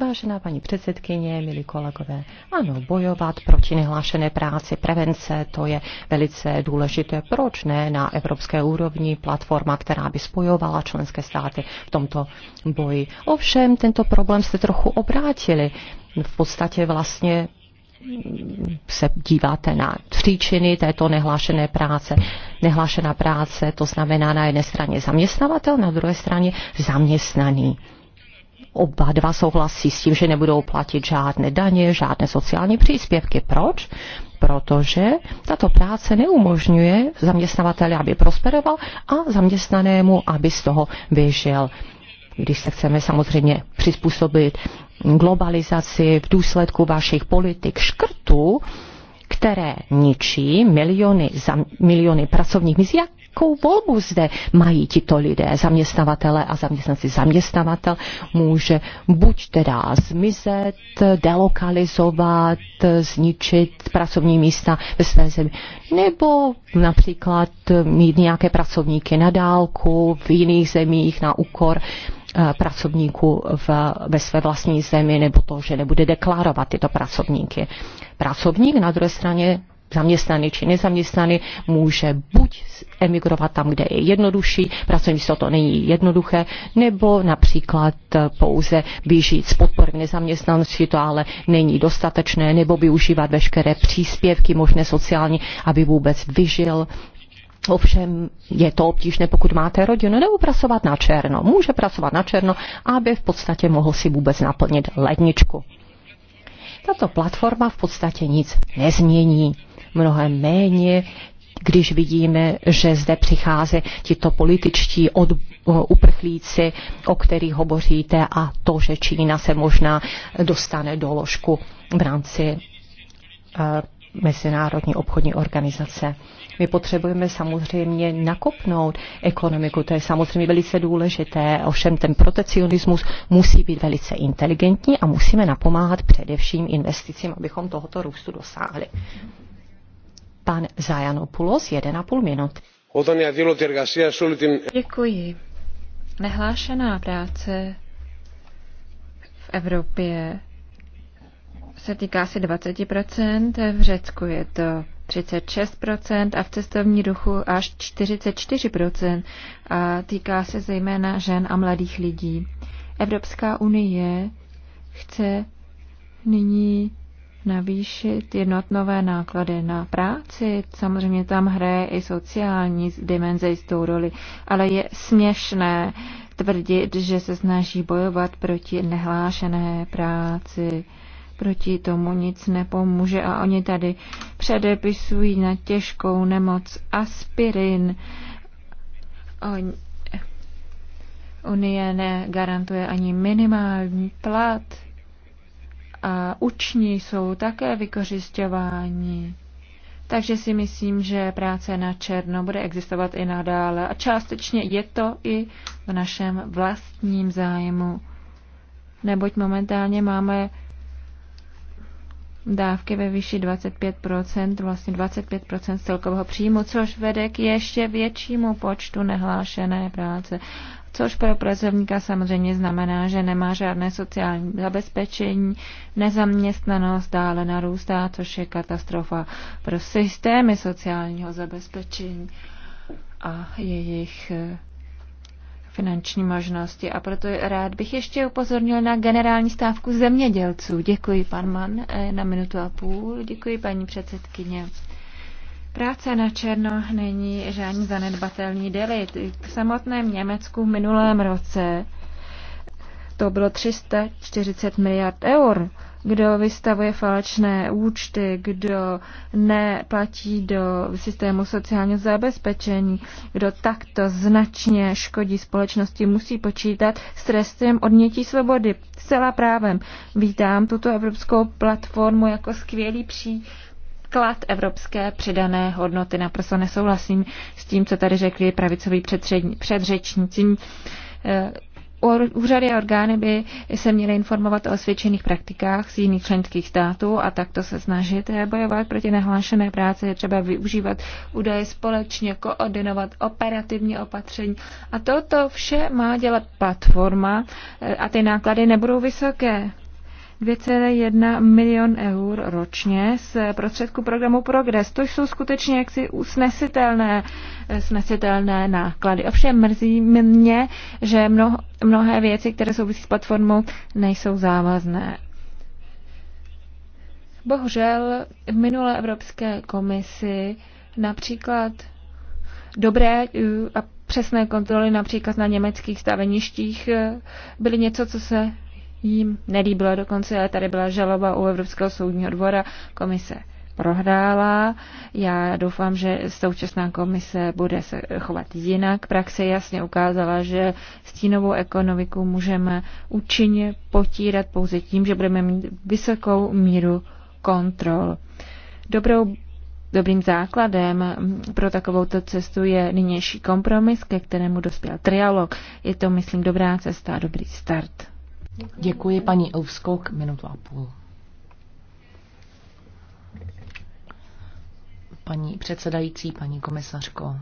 [SPEAKER 2] Vážená paní předsedkyně, milí kolegové, ano, bojovat proti nehlášené práci, prevence, to je velice důležité. Proč ne na evropské úrovni platforma, která by spojovala členské státy v tomto boji? Ovšem, tento problém jste trochu obrátili. V podstatě vlastně mm, se díváte na příčiny této nehlášené práce. Nehlášená práce, to znamená na jedné straně zaměstnavatel, na druhé straně zaměstnaný oba dva souhlasí s tím, že nebudou platit žádné daně, žádné sociální příspěvky. Proč? Protože tato práce neumožňuje zaměstnavateli, aby prosperoval a zaměstnanému, aby z toho vyžil. Když se chceme samozřejmě přizpůsobit globalizaci v důsledku vašich politik škrtů, které ničí miliony, za, miliony pracovních míst. Jakou volbu zde mají tito lidé, zaměstnavatele a zaměstnanci? Zaměstnavatel může buď teda zmizet, delokalizovat, zničit pracovní místa ve své zemi, nebo například mít nějaké pracovníky na dálku v jiných zemích na úkor Eh, pracovníků v, ve své vlastní zemi, nebo to, že nebude deklarovat tyto pracovníky. Pracovník na druhé straně zaměstnaný či nezaměstnaný, může buď emigrovat tam, kde je jednodušší, pracovní místo to není jednoduché, nebo například eh, pouze vyžít z podpory nezaměstnanosti, to ale není dostatečné, nebo využívat veškeré příspěvky, možné sociální, aby vůbec vyžil Ovšem je to obtížné, pokud máte rodinu, nebo pracovat na černo. Může pracovat na černo, aby v podstatě mohl si vůbec naplnit ledničku. Tato platforma v podstatě nic nezmění. Mnohem méně když vidíme, že zde přichází tito političtí od, uprchlíci, o kterých hovoříte, a to, že Čína se možná dostane do ložku v rámci eh, Mezinárodní obchodní organizace. My potřebujeme samozřejmě nakopnout ekonomiku, to je samozřejmě velice důležité, ovšem ten protekcionismus musí být velice inteligentní a musíme napomáhat především investicím, abychom tohoto růstu dosáhli. Pan Zajanopoulos, 1,5 minut. Děkuji.
[SPEAKER 3] Nehlášená práce v Evropě se týká asi 20%, v Řecku je to 36% a v cestovní ruchu až 44% a týká se zejména žen a mladých lidí. Evropská unie chce nyní navýšit jednotnové náklady na práci. Samozřejmě tam hraje i sociální dimenze jistou roli, ale je směšné tvrdit, že se snaží bojovat proti nehlášené práci proti tomu nic nepomůže a oni tady předepisují na těžkou nemoc aspirin. On, Unie negarantuje ani minimální plat a uční jsou také vykořišťováni. Takže si myslím, že práce na černo bude existovat i nadále a částečně je to i v našem vlastním zájmu. Neboť momentálně máme dávky ve výši 25%, vlastně 25% z celkového příjmu, což vede k ještě většímu počtu nehlášené práce. Což pro pracovníka samozřejmě znamená, že nemá žádné sociální zabezpečení, nezaměstnanost dále narůstá, což je katastrofa pro systémy sociálního zabezpečení a jejich eh, finanční možnosti. A proto rád bych ještě upozornil na generální stávku zemědělců. Děkuji, pan Man, eh, na minutu a půl. Děkuji, paní předsedkyně. Práce na černo není žádný zanedbatelný delit K samotném Německu v minulém roce to bylo 340 miliard eur. Kdo vystavuje falečné účty, kdo neplatí do systému sociálního zabezpečení, kdo takto značně škodí společnosti, musí počítat s trestem odnětí svobody. Zcela právem vítám tuto evropskou platformu jako skvělý příklad evropské přidané hodnoty. Naprosto nesouhlasím s tím, co tady řekli pravicoví předřečníci Úřady a orgány by se měly informovat o osvědčených praktikách z jiných členských států a takto se snažit eh, bojovat proti nehlášené práci. Je třeba využívat údaje společně, koordinovat operativní opatření. A toto vše má dělat platforma eh, a ty náklady nebudou vysoké. 2,1 milion eur ročně z prostředku programu Progress. To jsou skutečně jaksi usnesitelné, snesitelné náklady. Ovšem mrzí mě, že mnoho, mnohé věci, které souvisí s platformou, nejsou závazné. Bohužel v minulé Evropské komisi například dobré eh, a přesné kontroly například na německých staveništích eh, byly něco, co se jim nelíbilo dokonce, ale tady byla žaloba u Evropského soudního dvora, komise prohrála. Já doufám, že současná komise bude se chovat jinak. Praxe jasně ukázala, že stínovou ekonomiku můžeme účinně potírat pouze tím, že budeme mít vysokou míru kontrol. Dobrou Dobrým základem pro takovouto cestu je nynější kompromis, ke kterému dospěl trialog. Je to, myslím, dobrá cesta a dobrý start. Děkuji paní Ovskok, minutu a
[SPEAKER 1] půl. Paní předsedající, paní komisařko,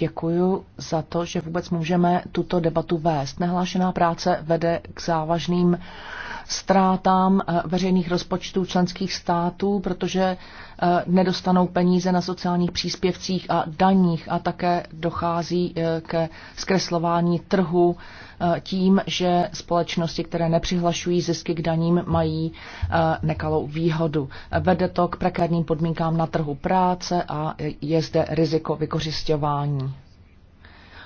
[SPEAKER 1] Děkuji za to, že vůbec můžeme tuto debatu vést. Nehlášená práce vede k závažným ztrátám eh, veřejných rozpočtů členských států, protože eh, nedostanou peníze na sociálních příspěvcích a daních a také dochází eh, ke zkreslování trhu Eh, tím, že společnosti, které nepřihlašují zisky k daním, mají eh, nekalou výhodu. Vede to k prekérním podmínkám na trhu práce a je zde riziko vykořišťování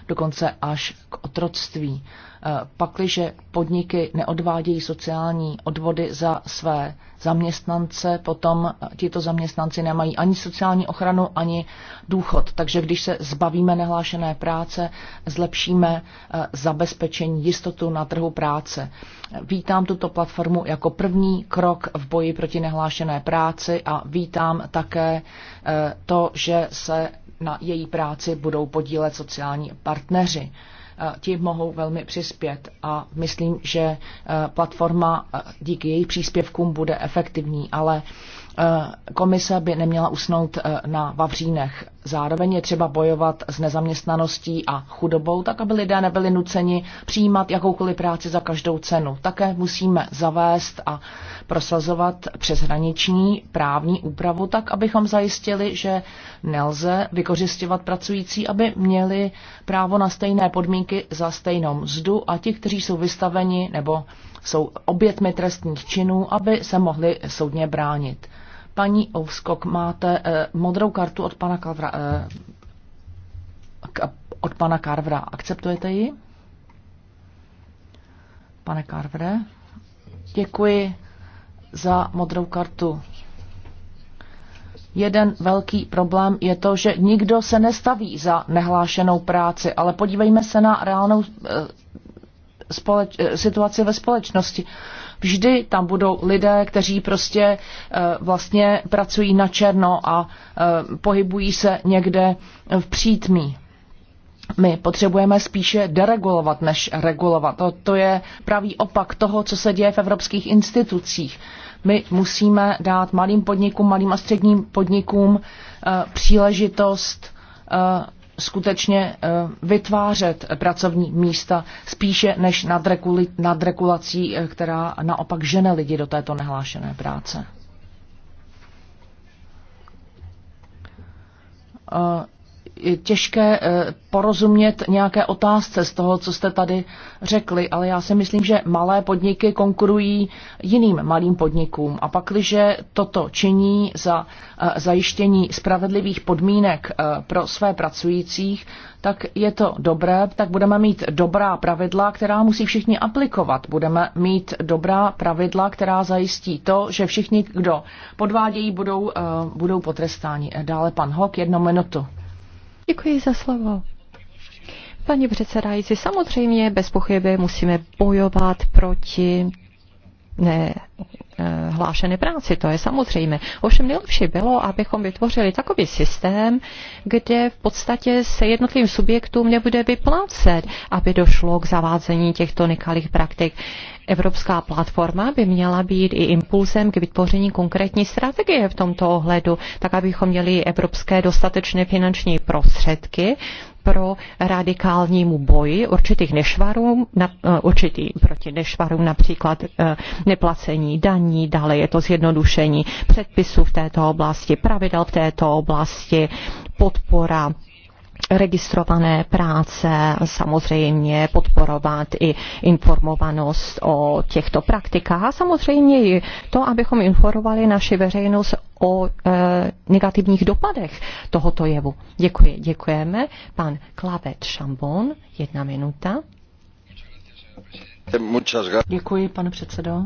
[SPEAKER 1] dokonce až k otroctví. Eh, Pakliže podniky neodvádějí sociální odvody za své zaměstnance, potom eh, tito zaměstnanci nemají ani sociální ochranu, ani důchod. Takže když se zbavíme nehlášené práce, zlepšíme eh, zabezpečení, jistotu na trhu práce. Vítám tuto platformu jako první krok v boji proti nehlášené práci a vítám také eh, to, že se na její práci budou podílet sociální partneři. Eh, ti mohou velmi přispět a myslím, že eh, platforma eh, díky jejich příspěvkům bude efektivní, ale Eh, komise by neměla usnout eh, na Vavřínech. Zároveň je třeba bojovat s nezaměstnaností a chudobou, tak aby lidé nebyli nuceni přijímat jakoukoliv práci za každou cenu. Také musíme zavést a prosazovat přeshraniční právní úpravu, tak abychom zajistili, že nelze vykořistěvat pracující, aby měli právo na stejné podmínky za stejnou mzdu a ti, kteří jsou vystaveni nebo jsou obětmi trestních činů, aby se mohli soudně bránit. Paní Ouskok, máte eh, modrou kartu od pana Kavra, Eh, k, od pana Karvra. Akceptujete ji? Pane Karvre, děkuji za modrou kartu. Jeden velký problém je to, že nikdo se nestaví za nehlášenou práci, ale podívejme se na reálnou eh, společ- eh, situaci ve společnosti. Eh, Vždy tam budou lidé, kteří prostě eh, vlastně pracují na černo a eh, pohybují se někde v přítmí. My potřebujeme spíše deregulovat, než regulovat. To, to je pravý opak toho, co se děje v evropských institucích. My musíme dát malým podnikům, malým a středním podnikům eh, příležitost skutečně eh, vytvářet pracovní místa spíše než nad, regulací, eh, která naopak žene lidi do této nehlášené práce. Eh, těžké eh, porozumět nějaké otázce z toho, co jste tady řekli, ale já si myslím, že malé podniky konkurují jiným malým podnikům. A pak, když toto činí za eh, zajištění spravedlivých podmínek eh, pro své pracujících, tak je to dobré, tak budeme mít dobrá pravidla, která musí všichni aplikovat. Budeme mít dobrá pravidla, která zajistí to, že všichni, kdo podvádějí, budou, budou potrestáni. Dále pan Hok, jedno minutu. Děkuji
[SPEAKER 2] za slovo. Paní předsedající, samozřejmě bez pochyby musíme bojovat proti ne, eh, hlášené práci, to je samozřejmé. Ovšem nejlepší bylo, abychom vytvořili takový systém, kde v podstatě se jednotlivým subjektům nebude vyplácet, aby došlo k zavádzení těchto nekalých praktik. Evropská platforma by měla být i impulzem k vytvoření konkrétní strategie v tomto ohledu, tak abychom měli evropské dostatečné finanční prostředky pro radikálnímu boji určitých nešvarů, na, eh, určitý proti nešvarům například eh, neplacení daní, dále je to zjednodušení předpisů v této oblasti, pravidel v této oblasti, podpora registrované práce, samozřejmě podporovat i informovanost o těchto praktikách a samozřejmě i to, abychom informovali naši veřejnost o e, negativních dopadech tohoto jevu. Děkuji, děkujeme. Pan Klavet Šambon, jedna minuta.
[SPEAKER 1] Děkuji, pane předsedo.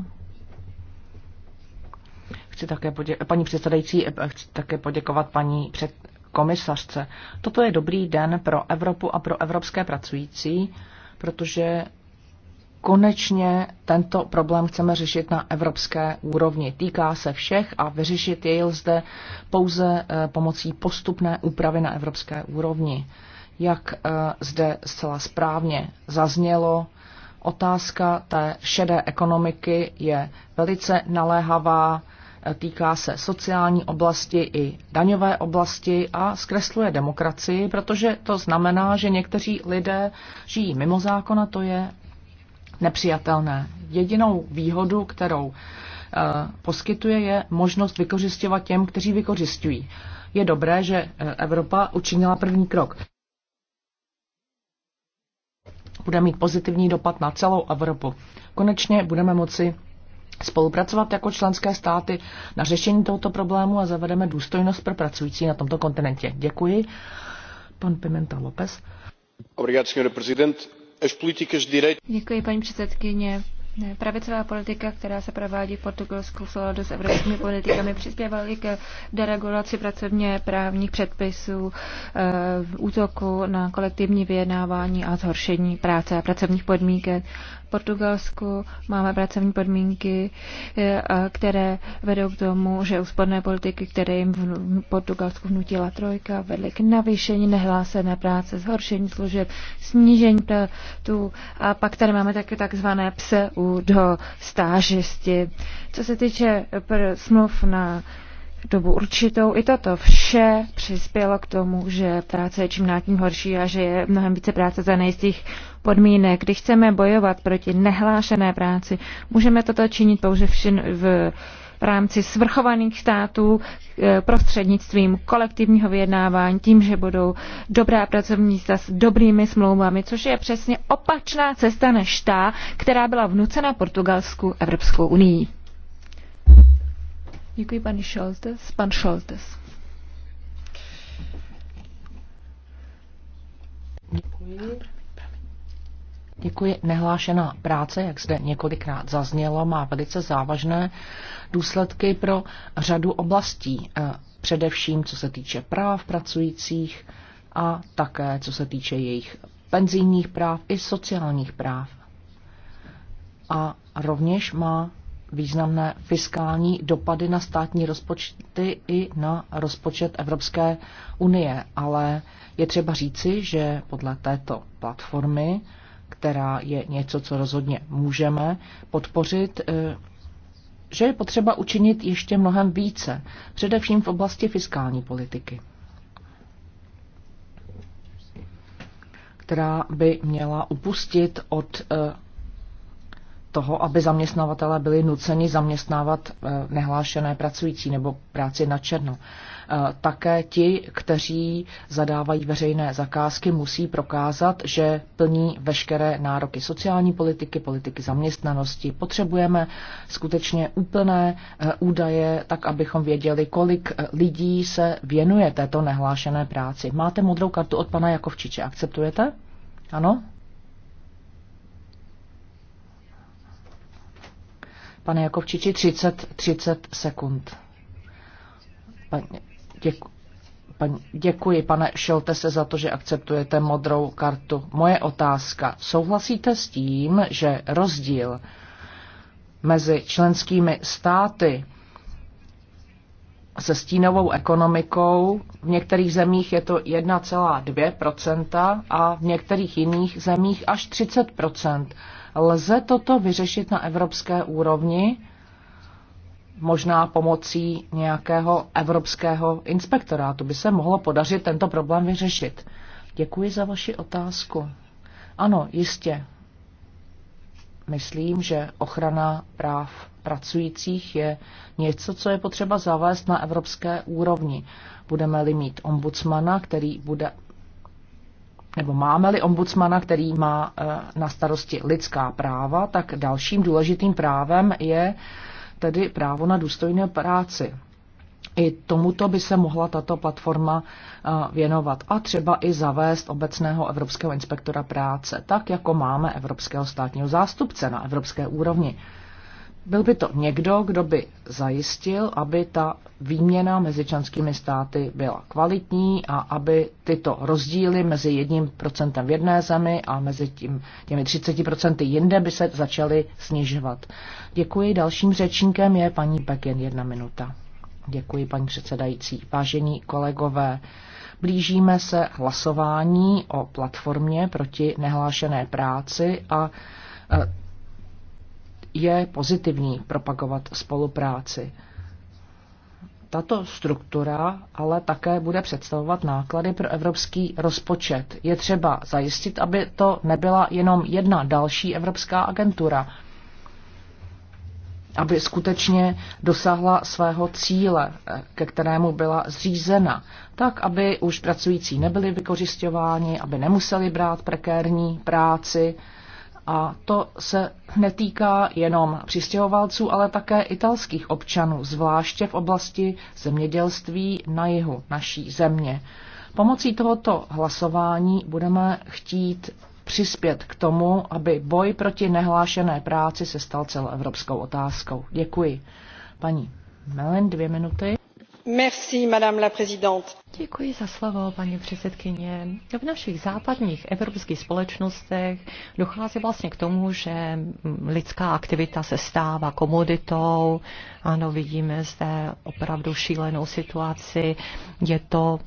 [SPEAKER 1] Chci také podě- paní předsedající, e, chci také poděkovat paní před, komisařce. Toto je dobrý den pro Evropu a pro evropské pracující, protože konečně tento problém chceme řešit na evropské úrovni. Týká se všech a vyřešit jej zde pouze eh, pomocí postupné úpravy na evropské úrovni. Jak eh, zde zcela správně zaznělo, otázka té šedé ekonomiky je velice naléhavá, týká se sociální oblasti i daňové oblasti a zkresluje demokracii, protože to znamená, že někteří lidé žijí mimo zákona, to je nepřijatelné. Jedinou výhodu, kterou eh, poskytuje, je možnost vykořišťovat těm, kteří vykořišťují. Je dobré, že eh, Evropa učinila první krok. Bude mít pozitivní dopad na celou Evropu. Konečně budeme moci spolupracovat jako členské státy na řešení tohoto problému a zavedeme důstojnost pro pracující na tomto kontinentě. Děkuji. Pan Pimenta López. Děkuji, paní předsedkyně.
[SPEAKER 3] Pravicová politika, která se provádí v Portugalsku v souladu s evropskými politikami, přispěvala k deregulaci pracovně právních předpisů, eh, útoku na kolektivní vyjednávání a zhoršení práce a pracovních podmínek. Portugalsku máme pracovní podmínky, eh, které vedou k tomu, že úsporné politiky, které jim v Portugalsku vnutila trojka, vedly k navýšení nehlásené práce, zhoršení služeb, snížení tu a pak tady máme také takzvané pse u do stážisti. Co se týče eh, smluv na dobu určitou. I toto vše přispělo k tomu, že práce je čím dál tím horší a že je mnohem více práce za nejistých podmínek, když chceme bojovat proti nehlášené práci, můžeme toto činit pouze v, v v rámci svrchovaných států eh, prostřednictvím kolektivního vyjednávání, tím, že budou dobrá pracovní místa s dobrými smlouvami, což je přesně opačná cesta než ta, která byla vnucena Portugalsku Evropskou unii. Děkuji paní
[SPEAKER 1] Šoltes. Pan Šoltes.
[SPEAKER 4] Děkuji.
[SPEAKER 1] Děkuji. Nehlášená práce, jak zde několikrát zaznělo, má velice závažné důsledky pro řadu oblastí, e, především co se týče práv pracujících a také co se týče jejich penzijních práv i sociálních práv. A rovněž má významné fiskální dopady na státní rozpočty i na rozpočet Evropské unie, ale je třeba říci, že podle této platformy která je něco, co rozhodně můžeme podpořit, eh, že je potřeba učinit ještě mnohem více, především v oblasti fiskální politiky, která by měla upustit od eh, toho, aby zaměstnavatele byli nuceni zaměstnávat eh, nehlášené pracující nebo práci na černo. Eh, také ti, kteří zadávají veřejné zakázky, musí prokázat, že plní veškeré nároky sociální politiky, politiky zaměstnanosti. Potřebujeme skutečně úplné eh, údaje, tak abychom věděli, kolik eh, lidí se věnuje této nehlášené práci. Máte modrou kartu od pana Jakovčiče, akceptujete? Ano? Pane Jakovčiči, 30, 30 sekund. Paní, Děkuji. Děkuji, pane Šeltese, za to, že akceptujete modrou kartu. Moje otázka. Souhlasíte s tím, že rozdíl mezi členskými státy se stínovou ekonomikou. V některých zemích je to 1,2% a v některých jiných zemích až 30%. Lze toto vyřešit na evropské úrovni možná pomocí nějakého evropského inspektorátu by se mohlo podařit tento problém vyřešit. Děkuji za vaši otázku. Ano, jistě. Myslím, že ochrana práv pracujících je něco, co je potřeba zavést na evropské úrovni. Budeme-li mít ombudsmana, který bude nebo máme-li ombudsmana, který má eh, na starosti lidská práva, tak dalším důležitým právem je tedy právo na důstojné práci. I tomuto by se mohla tato platforma eh, věnovat a třeba i zavést obecného Evropského inspektora práce, tak jako máme Evropského státního zástupce na evropské úrovni. Byl by to někdo, kdo by zajistil, aby ta výměna mezi členskými státy byla kvalitní a aby tyto rozdíly mezi jedním procentem v jedné zemi a mezi tím, těmi 30% jinde by se začaly snižovat. Děkuji. Dalším řečníkem je paní Pekin. Jedna minuta. Děkuji, paní předsedající. Vážení kolegové, blížíme se hlasování o platformě proti nehlášené práci a e, je pozitivní propagovat spolupráci. Tato struktura ale také bude představovat náklady pro evropský rozpočet. Je třeba zajistit, aby to nebyla jenom jedna další evropská agentura, aby skutečně dosáhla svého cíle, ke kterému byla zřízena, tak aby už pracující nebyli vykořišťováni, aby nemuseli brát prekérní práci, a to se netýká jenom přistěhovalců, ale také italských občanů, zvláště v oblasti zemědělství na jihu naší země. Pomocí tohoto hlasování budeme chtít přispět k tomu, aby boj proti nehlášené práci se stal celoevropskou otázkou. Děkuji. Paní Melin, dvě minuty.
[SPEAKER 2] Děkuji za slovo, paní předsedkyně. V našich západních evropských společnostech dochází vlastně k tomu, že lidská aktivita se stává komoditou. Ano, vidíme zde opravdu šílenou situaci. Je to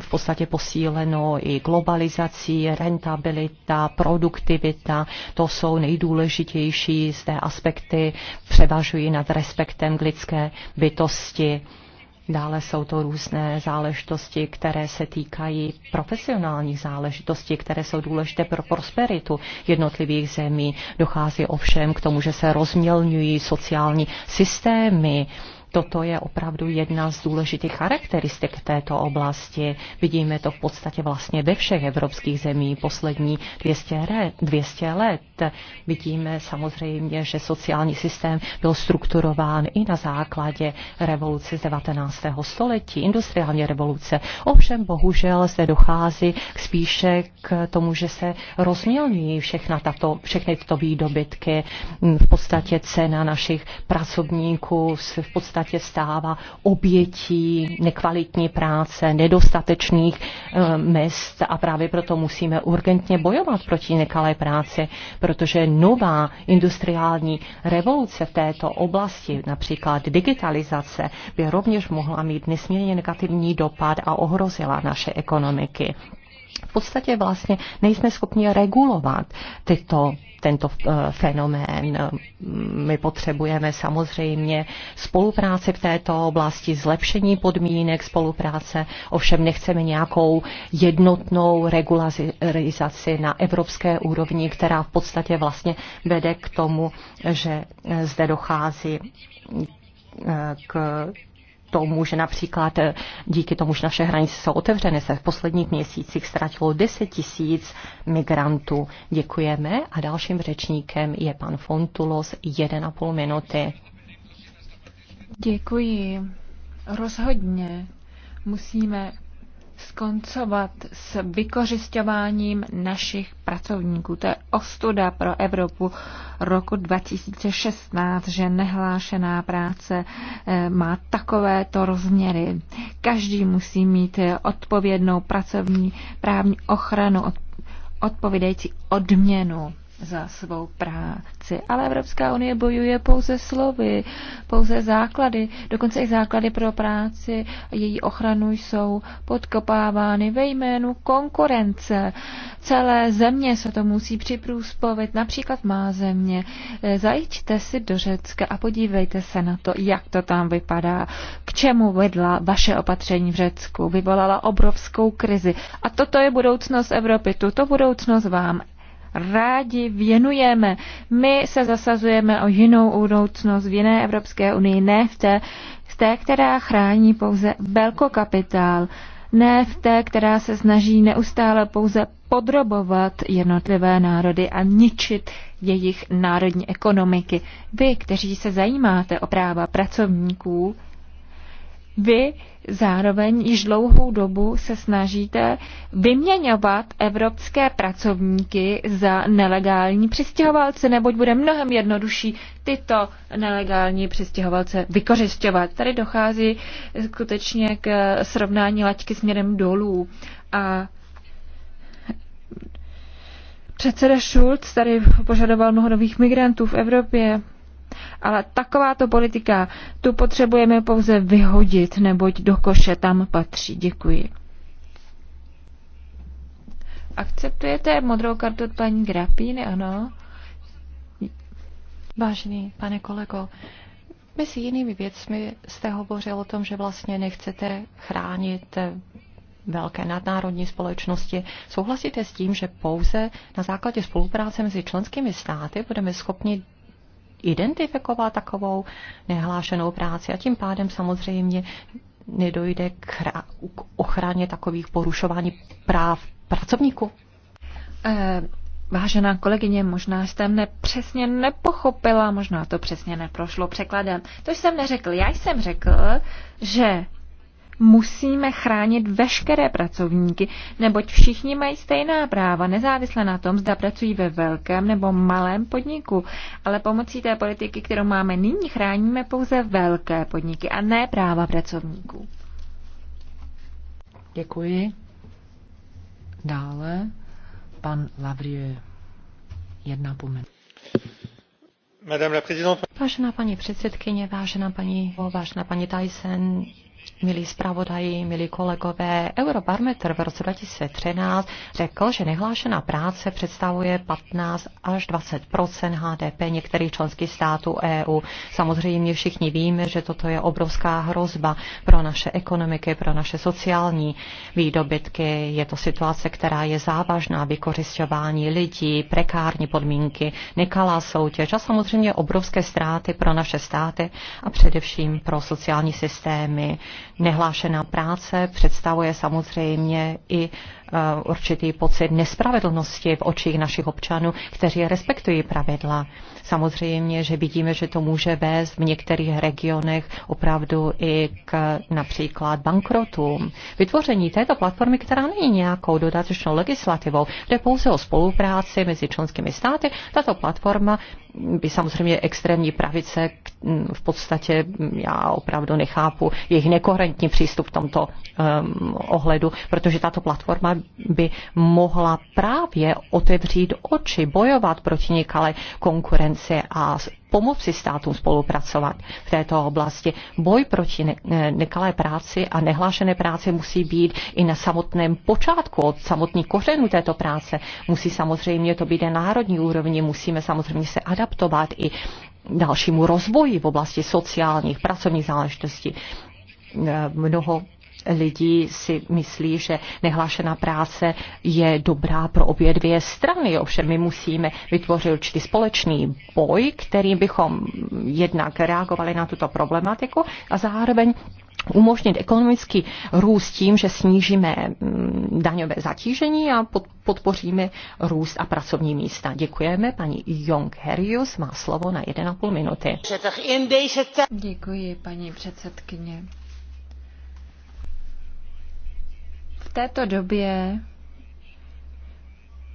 [SPEAKER 2] v podstatě posíleno i globalizací, rentabilita, produktivita. To jsou nejdůležitější zde aspekty, převažují nad respektem k lidské bytosti. Dále jsou to různé záležitosti, které se týkají profesionálních záležitostí, které jsou důležité pro prosperitu jednotlivých zemí. Dochází ovšem k tomu, že se rozmělňují sociální systémy, toto je opravdu jedna z důležitých charakteristik této oblasti. Vidíme to v podstatě vlastně ve všech evropských zemí poslední 200 let. 200 let. Vidíme samozřejmě, že sociální systém byl strukturován i na základě revoluce z 19. století, industriální revoluce. Ovšem bohužel se dochází spíše k tomu, že se rozmělňují všechna tato, všechny tyto výdobytky. V podstatě cena našich pracovníků v podstatě podstatě stává obětí nekvalitní práce, nedostatečných eh, mest a právě proto musíme urgentně bojovat proti nekalé práci, protože nová industriální revoluce v této oblasti, například digitalizace, by rovněž mohla mít nesmírně negativní dopad a ohrozila naše ekonomiky v podstatě vlastně nejsme schopni regulovat tyto tento eh, fenomén. My potřebujeme samozřejmě spolupráci v této oblasti, zlepšení podmínek spolupráce, ovšem nechceme nějakou jednotnou regularizaci na evropské úrovni, která v podstatě vlastně vede k tomu, že eh, zde dochází eh, k tomu, že například eh, díky tomu, že naše hranice jsou otevřené, se v posledních měsících ztratilo 10 tisíc migrantů. Děkujeme a dalším řečníkem je pan Fontulos, 1,5 minuty. Děkuji.
[SPEAKER 3] Rozhodně musíme skoncovat s vykořišťováním našich pracovníků. To je ostuda pro Evropu roku 2016, že nehlášená práce eh, má takovéto rozměry. Každý musí mít eh, odpovědnou pracovní právní ochranu, odpovídající odměnu za svou práci. Ale Evropská unie bojuje pouze slovy, pouze základy, dokonce i základy pro práci, její ochranu jsou podkopávány ve jménu konkurence. Celé země se to musí připrůspovit, například má země. E, Zajďte si do Řecka a podívejte se na to, jak to tam vypadá, k čemu vedla vaše opatření v Řecku. Vyvolala obrovskou krizi. A toto je budoucnost Evropy, tuto budoucnost vám rádi věnujeme. My se zasazujeme o jinou budoucnost v jiné Evropské unii, ne v té, v té která chrání pouze velkokapitál, ne v té, která se snaží neustále pouze podrobovat jednotlivé národy a ničit jejich národní ekonomiky. Vy, kteří se zajímáte o práva pracovníků, vy zároveň již dlouhou dobu se snažíte vyměňovat evropské pracovníky za nelegální přistěhovalce, neboť bude mnohem jednodušší tyto nelegální přistěhovalce vykořišťovat. Tady dochází skutečně k srovnání laťky směrem dolů a Předseda Schulz tady požadoval mnoho nových migrantů v Evropě ale takováto politika, tu potřebujeme pouze vyhodit, neboť do koše tam patří. Děkuji. Akceptujete modrou kartu od paní Grapíny? Ano.
[SPEAKER 2] Vážený pane kolego, mezi jinými věcmi jste hovořil o tom, že vlastně nechcete chránit velké nadnárodní společnosti. Souhlasíte s tím, že pouze na základě spolupráce mezi členskými státy budeme schopni identifikoval takovou nehlášenou práci a tím pádem samozřejmě nedojde k, k ochraně takových porušování práv pracovníků. Eh, vážená kolegyně, možná jste mne přesně
[SPEAKER 3] nepochopila, možná to přesně neprošlo překladem. To jsem neřekl. Já jsem řekl, že musíme chránit veškeré pracovníky, neboť všichni mají stejná práva, nezávisle na tom, zda pracují ve velkém nebo malém podniku. Ale pomocí té politiky, kterou máme nyní, chráníme pouze velké podniky a ne práva
[SPEAKER 1] pracovníků. Děkuji. Dále pan Lavrie. Jedna půl
[SPEAKER 2] Vážená paní předsedkyně, vážená paní, vážená paní Tyson, milí zpravodaji, milí kolegové, Eurobarometr v roce 2013 řekl, že nehlášená práce představuje 15 až 20 HDP některých členských států EU. Samozřejmě všichni víme, že toto je obrovská hrozba pro naše ekonomiky, pro naše sociální výdobytky. Je to situace, která je závažná, vykořišťování lidí, prekární podmínky, nekalá soutěž a samozřejmě obrovské ztráty pro naše státy a především pro sociální systémy Nehlášená práce představuje samozřejmě i Eh, určitý pocit nespravedlnosti v očích našich občanů, kteří respektují pravidla. Samozřejmě, že vidíme, že to může vést v některých regionech opravdu i k například bankrotům. Vytvoření této platformy, která není nějakou dodatečnou legislativou, jde pouze o spolupráci mezi členskými státy, tato platforma by samozřejmě extrémní pravice v podstatě já opravdu nechápu jejich nekoherentní přístup v tomto um, ohledu, protože tato platforma by mohla právě otevřít oči, bojovat proti nekalé konkurenci a pomoci státům spolupracovat v této oblasti. Boj proti nekalé práci a nehlášené práci musí být i na samotném počátku, od samotných kořenů této práce. Musí samozřejmě to být na národní úrovni, musíme samozřejmě se adaptovat i dalšímu rozvoji v oblasti sociálních, pracovních záležitostí e, mnoho Lidi si myslí, že nehlášená práce je dobrá pro obě dvě strany. Ovšem my musíme vytvořit určitý společný boj, kterým bychom jednak reagovali na tuto problematiku a zároveň umožnit ekonomický růst tím, že snížíme mm, daňové zatížení a podpoříme růst a pracovní místa. Děkujeme. Paní Jong Herius má slovo na 1,5 minuty.
[SPEAKER 3] Děkuji, paní předsedkyně. této době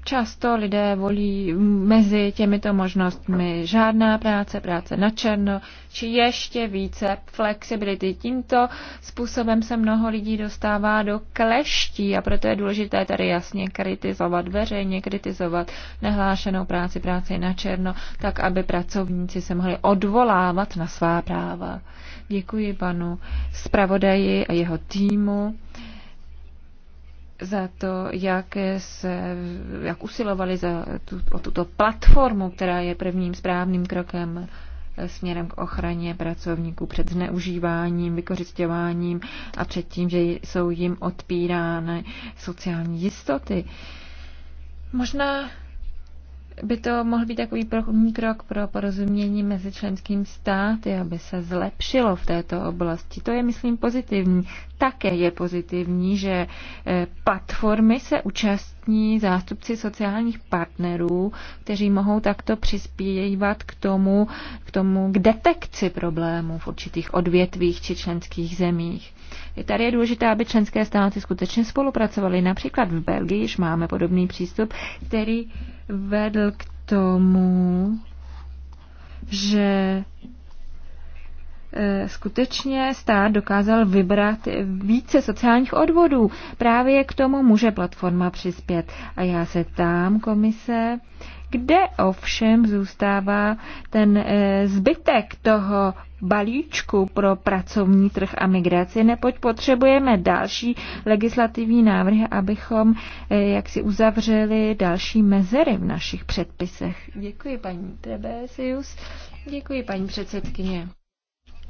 [SPEAKER 3] často lidé volí mezi těmito možnostmi žádná práce, práce na černo, či ještě více flexibility. Tímto způsobem se mnoho lidí dostává do kleští a proto je důležité tady jasně kritizovat veřejně, kritizovat nehlášenou práci, práci na černo, tak aby pracovníci se mohli odvolávat na svá práva. Děkuji panu zpravodaji a jeho týmu za to, jak, se, jak usilovali za tu, o tuto platformu, která je prvním správným krokem eh, směrem k ochraně pracovníků před zneužíváním, vykořišťováním a před tím, že jsou jim odpírány sociální jistoty. Možná by to mohl být takový první krok pro porozumění mezi členským státy, aby se zlepšilo v této oblasti. To je, myslím, pozitivní. Také je pozitivní, že eh, platformy se účastní zástupci sociálních partnerů, kteří mohou takto přispívat k tomu, k tomu, k detekci problémů v určitých odvětvích či členských zemích. tady je důležité, aby členské státy skutečně spolupracovaly. Například v Belgii již máme podobný přístup, který vedl k tomu, že e, skutečně stát dokázal vybrat více sociálních odvodů. Právě k tomu může platforma přispět. A já se tam komise, kde ovšem zůstává ten eh, zbytek toho balíčku pro pracovní trh a migraci, neboť potřebujeme další legislativní návrhy, abychom eh, jak si uzavřeli další mezery v našich předpisech. Děkuji paní Trebesius, děkuji paní předsedkyně.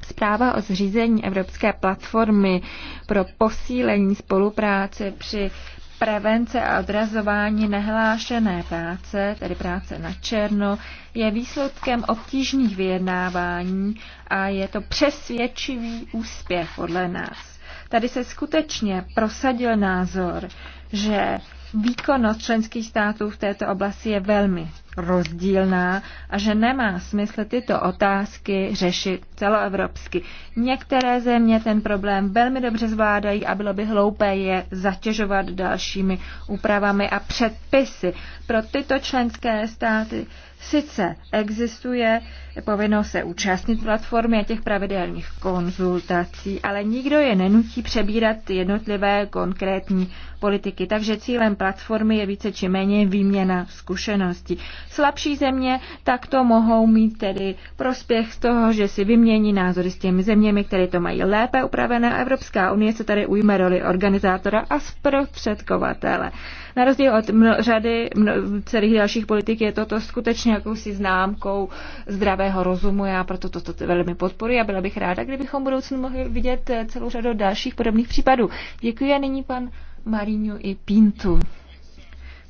[SPEAKER 3] Zpráva o zřízení Evropské platformy pro posílení spolupráce při prevence a odrazování nehlášené práce, tedy práce na černo, je výsledkem obtížných vyjednávání a je to přesvědčivý úspěch podle nás. Tady se skutečně prosadil názor, že výkonnost členských států v této oblasti je velmi rozdílná a že nemá smysl tyto otázky řešit celoevropsky. Některé země ten problém velmi dobře zvládají a bylo by hloupé je zatěžovat dalšími úpravami a předpisy. Pro tyto členské státy Sice existuje povinnost se účastnit platformy a těch pravidelných konzultací, ale nikdo je nenutí přebírat jednotlivé konkrétní politiky. Takže cílem platformy je více či méně výměna zkušeností. Slabší země takto mohou mít tedy prospěch z toho, že si vymění názory s těmi zeměmi, které to mají lépe upravené. Evropská unie se tady ujme roli organizátora a zprostředkovatele. Na rozdíl od mno, řady mno, celých dalších politik je toto skutečně jakousi známkou zdravého rozumu. Já proto toto to velmi podporuji a byla bych ráda, kdybychom v budoucnu mohli vidět eh, celou řadu dalších podobných případů. Děkuji a nyní pan Maríňu i Pintu.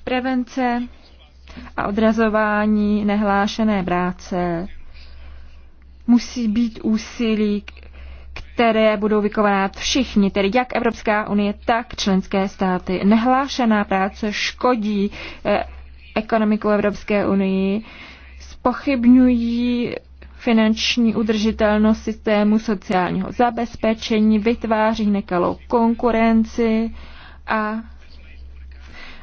[SPEAKER 3] Prevence a odrazování nehlášené práce musí být úsilí, které budou vykonávat všichni, tedy jak Evropská unie, tak členské státy. Nehlášená práce škodí eh, ekonomiku Evropské unii, spochybňují finanční udržitelnost systému sociálního zabezpečení, vytváří nekalou konkurenci a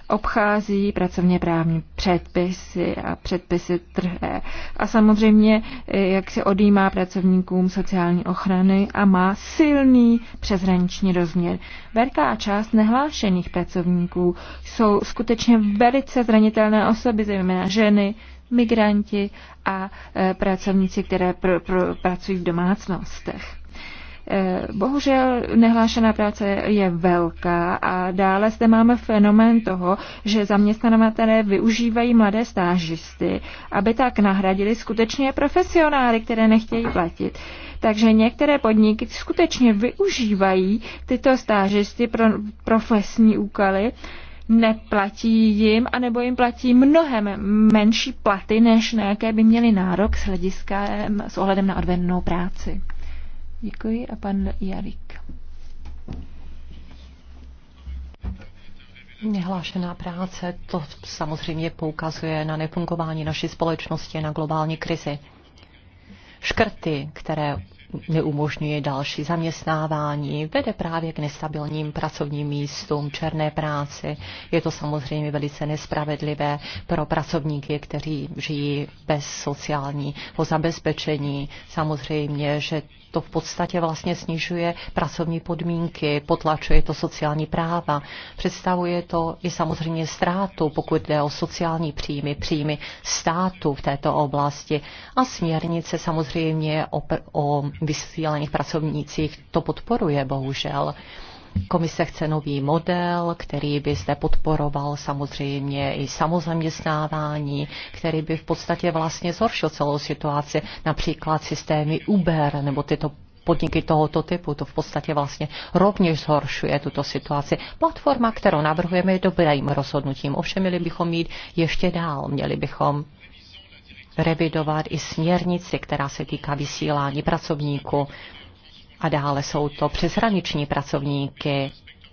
[SPEAKER 3] obchází pracovně právní předpisy a předpisy trhé. A samozřejmě, eh, jak se odjímá pracovníkům sociální ochrany a má silný přezraniční rozměr. Velká část nehlášených pracovníků jsou skutečně velice zranitelné osoby, zejména ženy, migranti a eh, pracovníci, které pr- pr- pracují v domácnostech. Bohužel nehlášená práce je velká a dále zde máme fenomén toho, že zaměstnavatelé využívají mladé stážisty, aby tak nahradili skutečně profesionály, které nechtějí platit. Takže některé podniky skutečně využívají tyto stážisty pro profesní úkoly, neplatí jim, anebo jim platí mnohem menší platy, než na jaké by měli nárok s, hlediska, s ohledem na odvedenou práci. Děkuji a pan Jarik.
[SPEAKER 2] Nehlášená práce, to samozřejmě poukazuje na nefungování naší společnosti, na globální krizi. Škrty, které neumožňuje další zaměstnávání, vede právě k nestabilním pracovním místům, černé práci. Je to samozřejmě velice nespravedlivé pro pracovníky, kteří žijí bez sociálního zabezpečení. Samozřejmě, že to v podstatě vlastně snižuje pracovní podmínky, potlačuje to sociální práva. Představuje to i samozřejmě ztrátu, pokud jde o sociální příjmy, příjmy státu v této oblasti. A směrnice samozřejmě o, o vysílených pracovnících to podporuje, bohužel. Komise chce nový model, který by zde podporoval samozřejmě i samozaměstnávání, který by v podstatě vlastně zhoršil celou situaci, například systémy Uber nebo tyto podniky tohoto typu. To v podstatě vlastně rovněž zhoršuje tuto situaci. Platforma, kterou navrhujeme, je dobrým rozhodnutím. Ovšem měli bychom jít ještě dál. Měli bychom revidovat i směrnici, která se týká vysílání pracovníků. A dále jsou to přeshraniční pracovníky,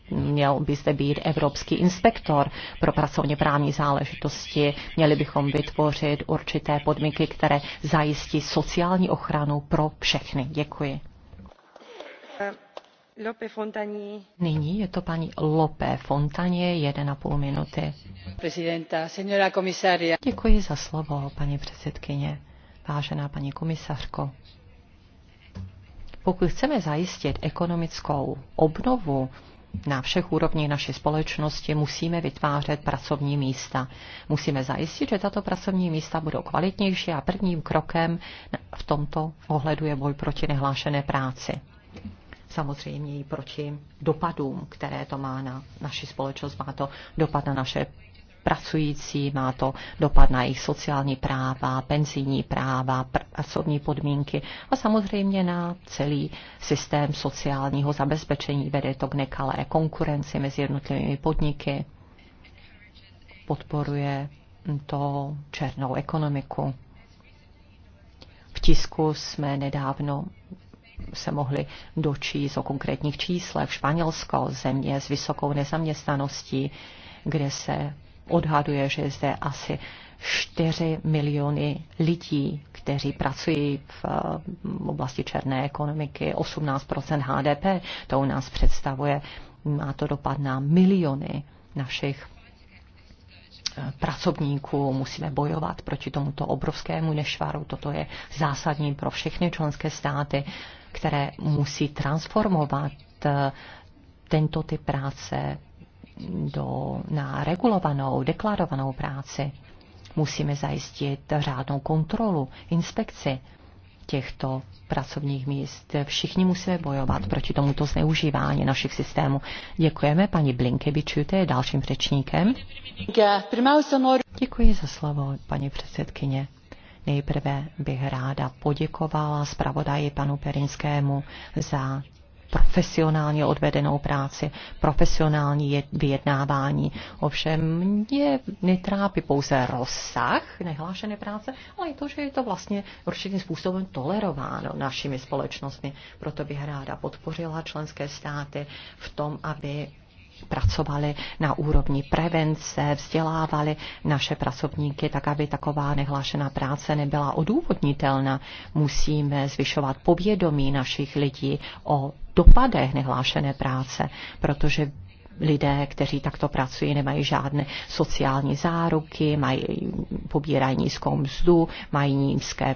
[SPEAKER 2] měl by zde být evropský inspektor pro pracovně právní záležitosti. Měli bychom vytvořit určité podmínky, které zajistí sociální ochranu pro všechny. Děkuji. Eh, Lope Fontani. Nyní je to paní Lope Fontaně, 1,5 minuty. Presidenta, señora komisaria. Děkuji za slovo, paní předsedkyně. Vážená paní komisařko, pokud chceme zajistit ekonomickou obnovu na všech úrovních naší společnosti musíme vytvářet pracovní místa. Musíme zajistit, že tato pracovní místa budou kvalitnější a prvním krokem v tomto ohledu je boj proti nehlášené práci. Samozřejmě i proti dopadům, které to má na naši společnost, má to dopad na naše pracující, má to dopad na jejich sociální práva, penzijní práva, pracovní podmínky a samozřejmě na celý systém sociálního zabezpečení. Vede to k nekalé konkurenci mezi jednotlivými podniky, podporuje to černou ekonomiku. V tisku jsme nedávno se mohli dočíst o konkrétních číslech. Španělsko, země s vysokou nezaměstnaností, kde se odhaduje, že je zde asi 4 miliony lidí, kteří pracují v eh, oblasti černé ekonomiky, 18 HDP, to u nás představuje, má to dopad na miliony našich eh, pracovníků, musíme bojovat proti tomuto obrovskému nešvaru. Toto je zásadní pro všechny členské státy, které musí transformovat eh, tento typ práce do, na regulovanou, deklarovanou práci. Musíme zajistit řádnou kontrolu, inspekci těchto pracovních míst. Všichni musíme bojovat proti tomuto zneužívání našich systémů. Děkujeme paní Blinkevičute, je dalším řečníkem. Děkuji za slovo, paní předsedkyně. Nejprve bych ráda poděkovala zpravodaji panu Perinskému za profesionálně odvedenou práci, profesionální vyjednávání. Ovšem mě netrápí pouze rozsah nehlášené práce, ale i to, že je to vlastně určitým způsobem tolerováno našimi společnostmi. Proto bych ráda podpořila členské státy v tom, aby pracovali na úrovni prevence, vzdělávali naše pracovníky, tak aby taková nehlášená práce nebyla odůvodnitelná. Musíme zvyšovat povědomí našich lidí o dopadech nehlášené práce, protože lidé, kteří takto pracují, nemají žádné sociální záruky, mají, pobírají nízkou mzdu, mají nízké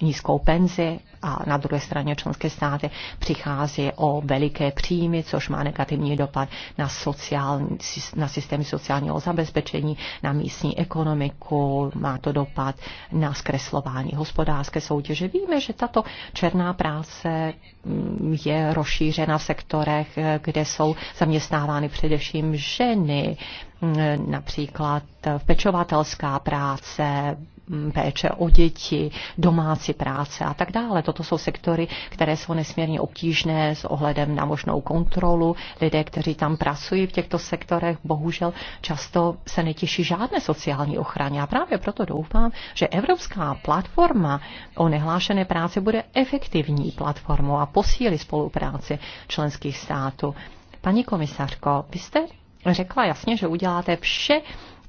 [SPEAKER 2] nízkou penzi a na druhé straně členské státy přichází o veliké příjmy, což má negativní dopad na, sociální, na systémy sociálního zabezpečení, na místní ekonomiku, má to dopad na zkreslování hospodářské soutěže. Víme, že tato černá práce mm, je rozšířena v sektorech, kde jsou zaměstnávány především ženy, mm, například v pečovatelská práce, Mm, péče o děti, domácí práce a tak dále. Toto jsou sektory, které jsou nesmírně obtížné s ohledem na možnou kontrolu. Lidé, kteří tam pracují v těchto sektorech, bohužel často se netěší žádné sociální ochraně. A právě proto doufám, že evropská platforma o nehlášené práci bude efektivní platformou a posílí spolupráci členských států. Paní komisařko, vy jste řekla jasně, že uděláte vše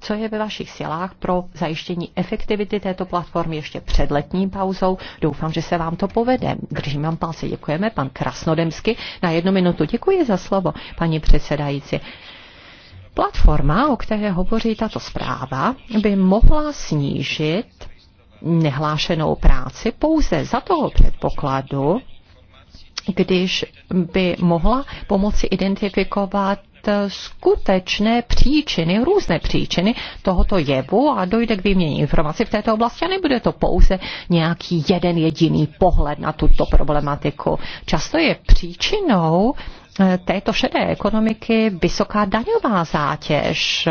[SPEAKER 2] co je ve vašich silách pro zajištění efektivity této platformy ještě před letní pauzou. Doufám, že se vám to povede. Držím vám palce. Děkujeme. Pan Krasnodemsky na jednu minutu. Děkuji za slovo, paní předsedající. Platforma, o které hovoří tato zpráva, by mohla snížit nehlášenou práci pouze za toho předpokladu, když by mohla pomoci identifikovat Eh, skutečné příčiny, různé příčiny tohoto jevu a dojde k výměně informací v této oblasti a nebude to pouze nějaký jeden jediný pohled na tuto problematiku. Často je příčinou této šedé ekonomiky vysoká daňová zátěž,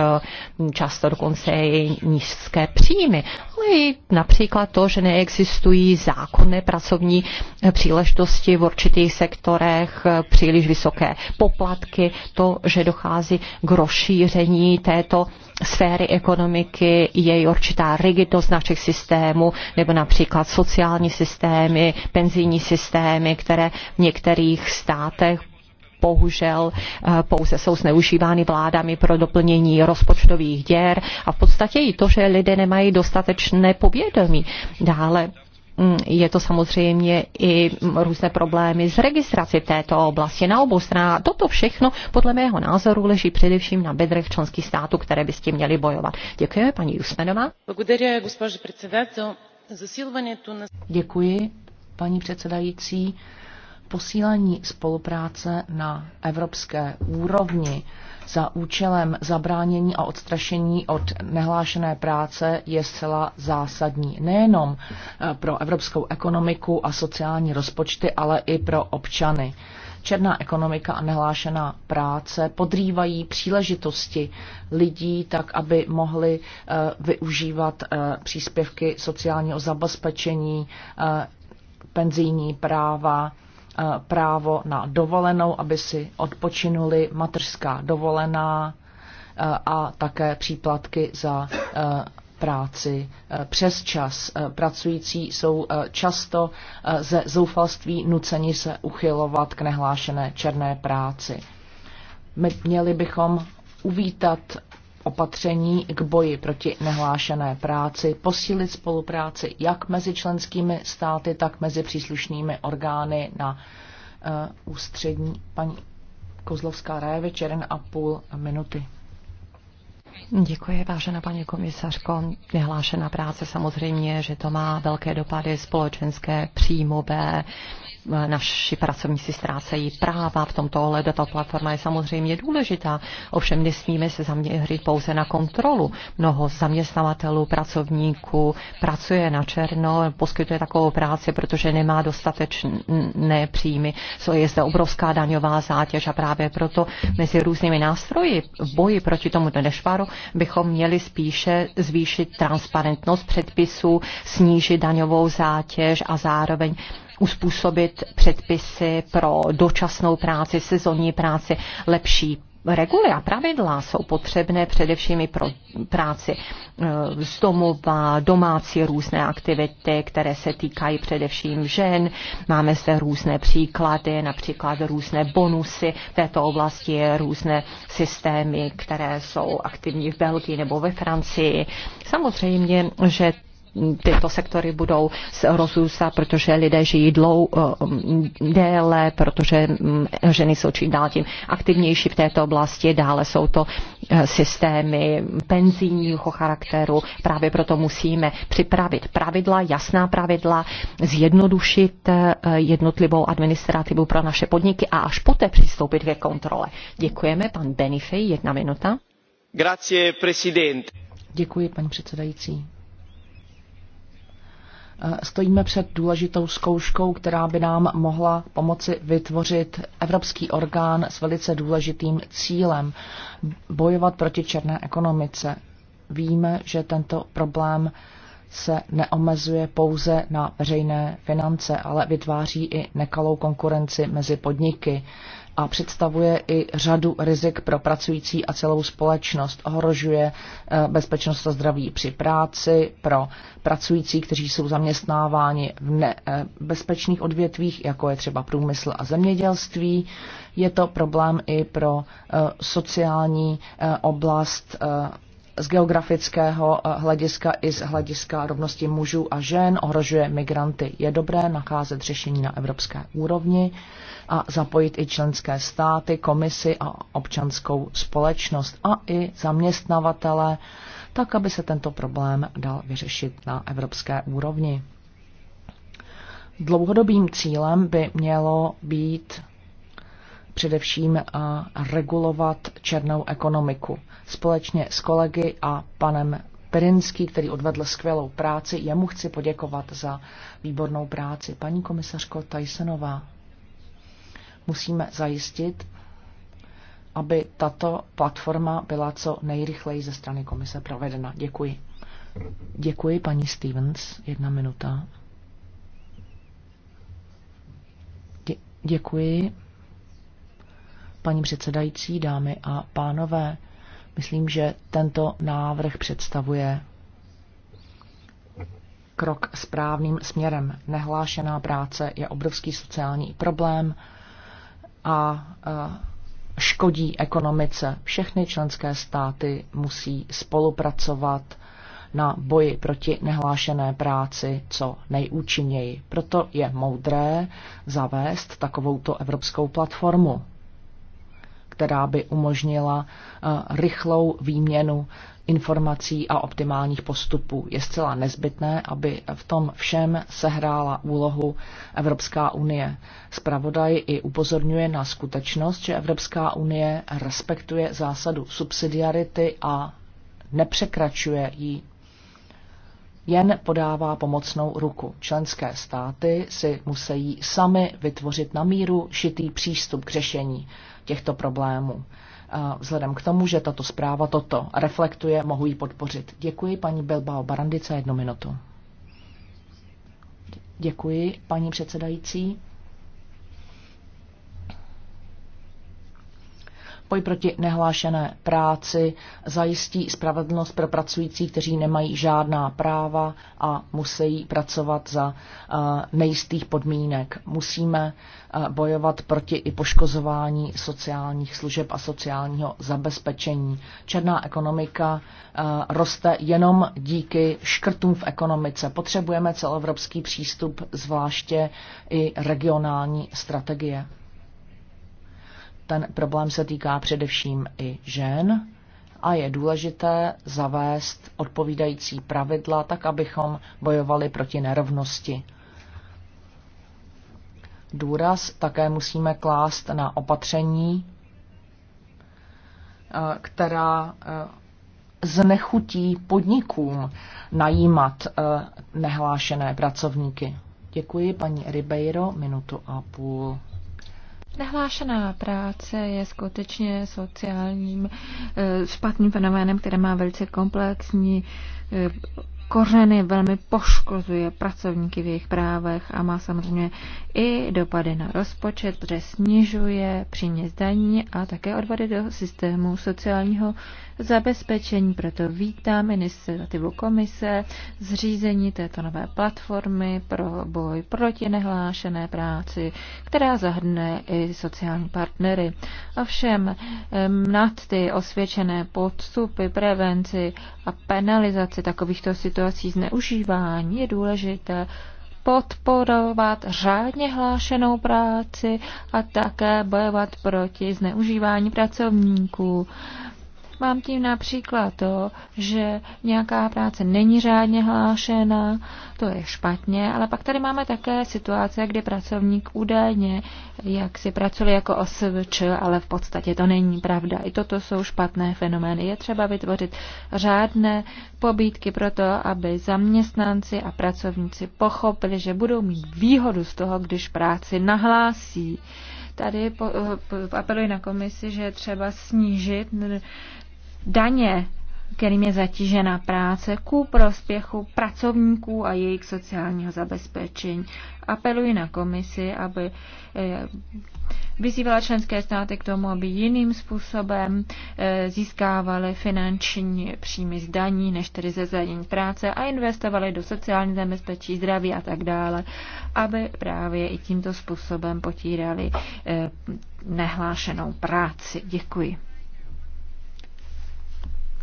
[SPEAKER 2] často dokonce i nízké příjmy, ale i například to, že neexistují zákonné pracovní příležitosti v určitých sektorech, příliš vysoké poplatky, to, že dochází k rozšíření této sféry ekonomiky, je určitá rigidnost našich systémů, nebo například sociální systémy, penzijní systémy, které v některých státech bohužel eh, pouze jsou zneužívány vládami pro doplnění rozpočtových děr a v podstatě i to, že lidé nemají dostatečné povědomí. Dále mm, je to samozřejmě i různé problémy s registraci této oblasti na obou stranách. Toto všechno podle mého názoru leží především na bedrech členských států, které by s tím měly
[SPEAKER 1] bojovat. Děkuji, paní Jusmenová. Děkuji, paní předsedající posílení spolupráce na evropské úrovni za účelem zabránění a odstrašení od nehlášené práce je zcela zásadní nejenom eh, pro evropskou ekonomiku a sociální rozpočty, ale i pro občany. Černá ekonomika a nehlášená práce podrývají příležitosti lidí tak, aby mohli eh, využívat eh, příspěvky sociálního zabezpečení, penzijní práva, Eh, právo na dovolenou, aby si odpočinuli mateřská dovolená eh, a také příplatky za eh, práci přes čas. Pracující jsou často ze zoufalství nuceni se uchylovat k nehlášené černé práci. My měli bychom uvítat opatření k boji proti nehlášené práci, posílit spolupráci jak mezi členskými státy, tak mezi příslušnými orgány na eh, ústřední. Paní Kozlovská Rajevič, 1,5 minuty.
[SPEAKER 2] Děkuji, vážená paní komisařko. Vyhlášená práce samozřejmě, že to má velké dopady společenské, příjmové, naši pracovníci ztrácejí práva v tomto ohledu. Ta platforma je samozřejmě důležitá, ovšem nesmíme se zaměřit pouze na kontrolu. Mnoho zaměstnavatelů, pracovníků pracuje na černo, poskytuje takovou práci, protože nemá dostatečné příjmy. Je zde obrovská daňová zátěž a právě proto mezi různými nástroji v boji proti tomu nešvaru Bulharu bychom měli spíše zvýšit transparentnost předpisů, snížit daňovou zátěž a zároveň uspůsobit předpisy pro dočasnou práci, sezónní práci, lepší reguly a pravidla jsou potřebné především i pro práci eh, z domova, domácí různé aktivity, které se týkají především žen. Máme zde různé příklady, například různé bonusy v této oblasti, různé systémy, které jsou aktivní v Belgii nebo ve Francii. Samozřejmě, že tyto sektory budou rozrůstat, protože lidé žijí dlou, déle, protože ženy jsou čím dál tím aktivnější v této oblasti, dále jsou to e, systémy penzijního charakteru, právě proto musíme připravit pravidla, jasná pravidla, zjednodušit e, jednotlivou administrativu pro naše podniky a až poté přistoupit ke kontrole. Děkujeme, pan Benifej, jedna minuta.
[SPEAKER 4] Grazie, president.
[SPEAKER 1] Děkuji, paní předsedající. Eh, stojíme před důležitou zkouškou, která by nám mohla pomoci vytvořit evropský orgán s velice důležitým cílem bojovat proti černé ekonomice. Víme, že tento problém se neomezuje pouze na veřejné finance, ale vytváří i nekalou konkurenci mezi podniky a představuje i řadu rizik pro pracující a celou společnost. Ohrožuje eh, bezpečnost a zdraví při práci, pro pracující, kteří jsou zaměstnáváni v nebezpečných eh, odvětvích, jako je třeba průmysl a zemědělství. Je to problém i pro eh, sociální oblast z geografického eh, hlediska i z hlediska rovnosti mužů a žen, ohrožuje migranty. Je dobré nacházet řešení na evropské úrovni a zapojit i členské státy, komisy a občanskou společnost a i zaměstnavatele, tak aby se tento problém dal vyřešit na evropské úrovni. Dlouhodobým cílem by mělo být především eh, regulovat černou ekonomiku. Společně s kolegy a panem Perinský, který odvedl skvělou práci, jemu chci poděkovat za výbornou práci. Paní komisařko Tysonová, musíme zajistit, aby tato platforma byla co nejrychleji ze strany komise provedena. Děkuji. Děkuji, paní Stevens. Jedna minuta. děkuji. Paní předsedající, dámy a pánové, myslím, že tento návrh představuje krok správným směrem. Nehlášená práce je obrovský sociální problém a e, škodí ekonomice. Všechny členské státy musí spolupracovat na boji proti nehlášené práci co nejúčinněji. Proto je moudré zavést takovouto evropskou platformu která by umožnila eh, rychlou výměnu informací a optimálních postupů. Je zcela nezbytné, aby v tom všem sehrála úlohu Evropská unie. Spravodaj i upozorňuje na skutečnost, že Evropská unie respektuje zásadu subsidiarity a nepřekračuje ji jen podává pomocnou ruku. Členské státy si musí sami vytvořit na míru šitý přístup k řešení těchto problémů. Eh, vzhledem k tomu, že tato zpráva toto reflektuje, mohu ji podpořit. Děkuji paní Bilbao Barandice jednu minutu. Děkuji, paní předsedající. Boj proti nehlášené práci zajistí spravedlnost pro pracující, kteří nemají žádná práva a musí pracovat za eh, nejistých podmínek. Musíme eh, bojovat proti i poškozování sociálních služeb a sociálního zabezpečení. Černá ekonomika eh, roste jenom díky škrtům v ekonomice. Potřebujeme celoevropský přístup, zvláště i regionální strategie. Ten problém se týká především i žen a je důležité zavést odpovídající pravidla, tak abychom bojovali proti nerovnosti. Důraz také musíme klást na opatření, eh, která eh, znechutí podnikům najímat eh, nehlášené pracovníky. Děkuji paní Ribeiro, minutu a půl.
[SPEAKER 3] Nehlášená práce je skutečně sociálním eh, špatným fenoménem, které má velice komplexní eh, kořeny, velmi poškozuje pracovníky v jejich právech a má samozřejmě i dopady na rozpočet, protože snižuje příjmy zdaní a také odvady do systému sociálního zabezpečení. Proto vítám iniciativu komise zřízení této nové platformy pro boj proti nehlášené práci, která zahrne i sociální partnery. Ovšem nad ty osvědčené podstupy, prevenci a penalizaci takovýchto situací zneužívání je důležité podporovat řádně hlášenou práci a také bojovat proti zneužívání pracovníků. Mám tím například to, že nějaká práce není řádně hlášena, to je špatně, ale pak tady máme také situace, kdy pracovník údajně, jak si pracuje jako osvč, ale v podstatě to není pravda. I toto jsou špatné fenomény. Je třeba vytvořit řádné pobídky pro to, aby zaměstnanci a pracovníci pochopili, že budou mít výhodu z toho, když práci nahlásí tady eh, apeluji na komisi, že je třeba snížit daně, kterým je zatížena práce, ku prospěchu pracovníků a jejich sociálního zabezpečení. Apeluji na komisi, aby eh, vyzývala členské státy k tomu, aby jiným způsobem eh, získávaly finanční příjmy z daní, než tedy ze zdanění práce a investovaly do sociální zabezpečí, zdraví a tak dále, aby právě i tímto způsobem potírali eh, nehlášenou práci. Děkuji.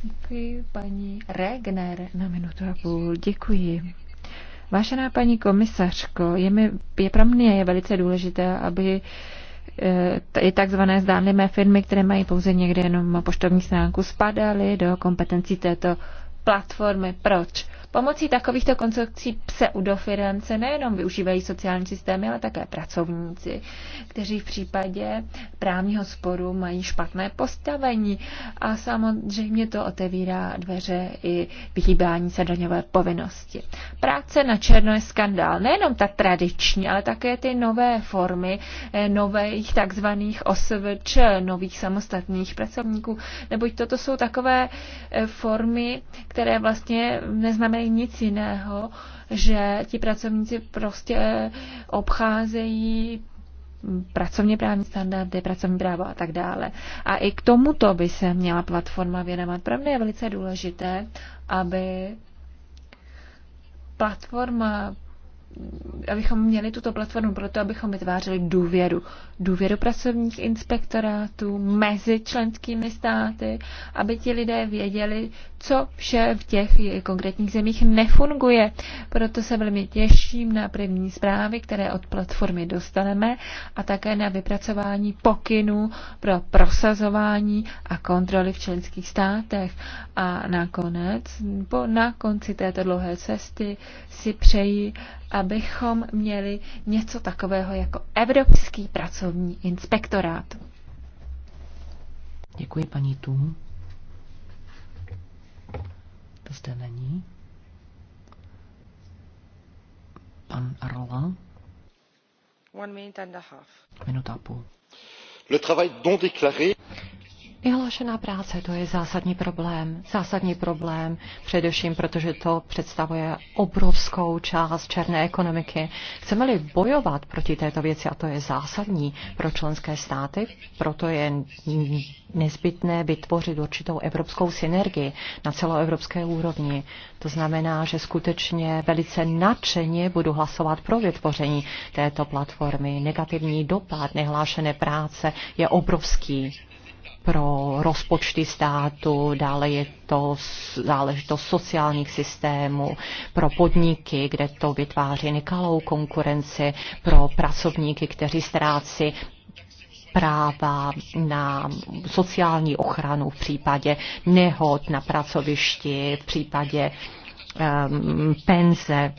[SPEAKER 3] Děkuji paní Regner na minutu a půl. Děkuji. Vážená paní komisařko, je, mi, je pro mě je velice důležité, aby e, i takzvané zdánlivé firmy, které mají pouze někde jenom poštovní stránku, spadaly do kompetencí této platformy. Proč? Pomocí takovýchto konstrukcí pseudofirem se nejenom využívají sociální systémy, ale také pracovníci, kteří v případě právního sporu mají špatné postavení a samozřejmě to otevírá dveře i vyhýbání se daňové povinnosti. Práce na černo je skandál. Nejenom ta tradiční, ale také ty nové formy eh, nových takzvaných OSVČ, nových samostatných pracovníků, neboť toto jsou takové eh, formy, které vlastně neznamenají nedělají nic jiného, že ti pracovníci prostě obcházejí pracovně právní standardy, pracovní právo a tak dále. A i k tomuto by se měla platforma věnovat. Pravda je velice důležité, aby platforma abychom měli tuto platformu proto, abychom vytvářeli důvěru. Důvěru pracovních inspektorátů mezi členskými státy, aby ti lidé věděli, co vše v těch konkrétních zemích nefunguje. Proto se velmi těším na první zprávy, které od platformy dostaneme a také na vypracování pokynů pro prosazování a kontroly v členských státech. A nakonec, po, na konci této dlouhé cesty si přeji, abychom měli něco takového jako Evropský pracovní inspektorát.
[SPEAKER 1] Děkuji paní Tum. To zde není. Pan Arla. One minute and a half. Minuta a půl. Le travail non déclaré
[SPEAKER 2] Vyhlášená práce, to je zásadní problém. Zásadní problém, především protože to představuje obrovskou část černé ekonomiky. Chceme-li bojovat proti této věci, a to je zásadní pro členské státy, proto je nezbytné vytvořit určitou evropskou synergii na celoevropské úrovni. To znamená, že skutečně velice nadšeně budu hlasovat pro vytvoření této platformy. Negativní dopad nehlášené práce je obrovský pro rozpočty státu, dále je to záležitost sociálních systémů, pro podniky, kde to vytváří nekalou konkurenci, pro pracovníky, kteří ztrácí práva na sociální ochranu v případě nehod na pracovišti, v případě um, penze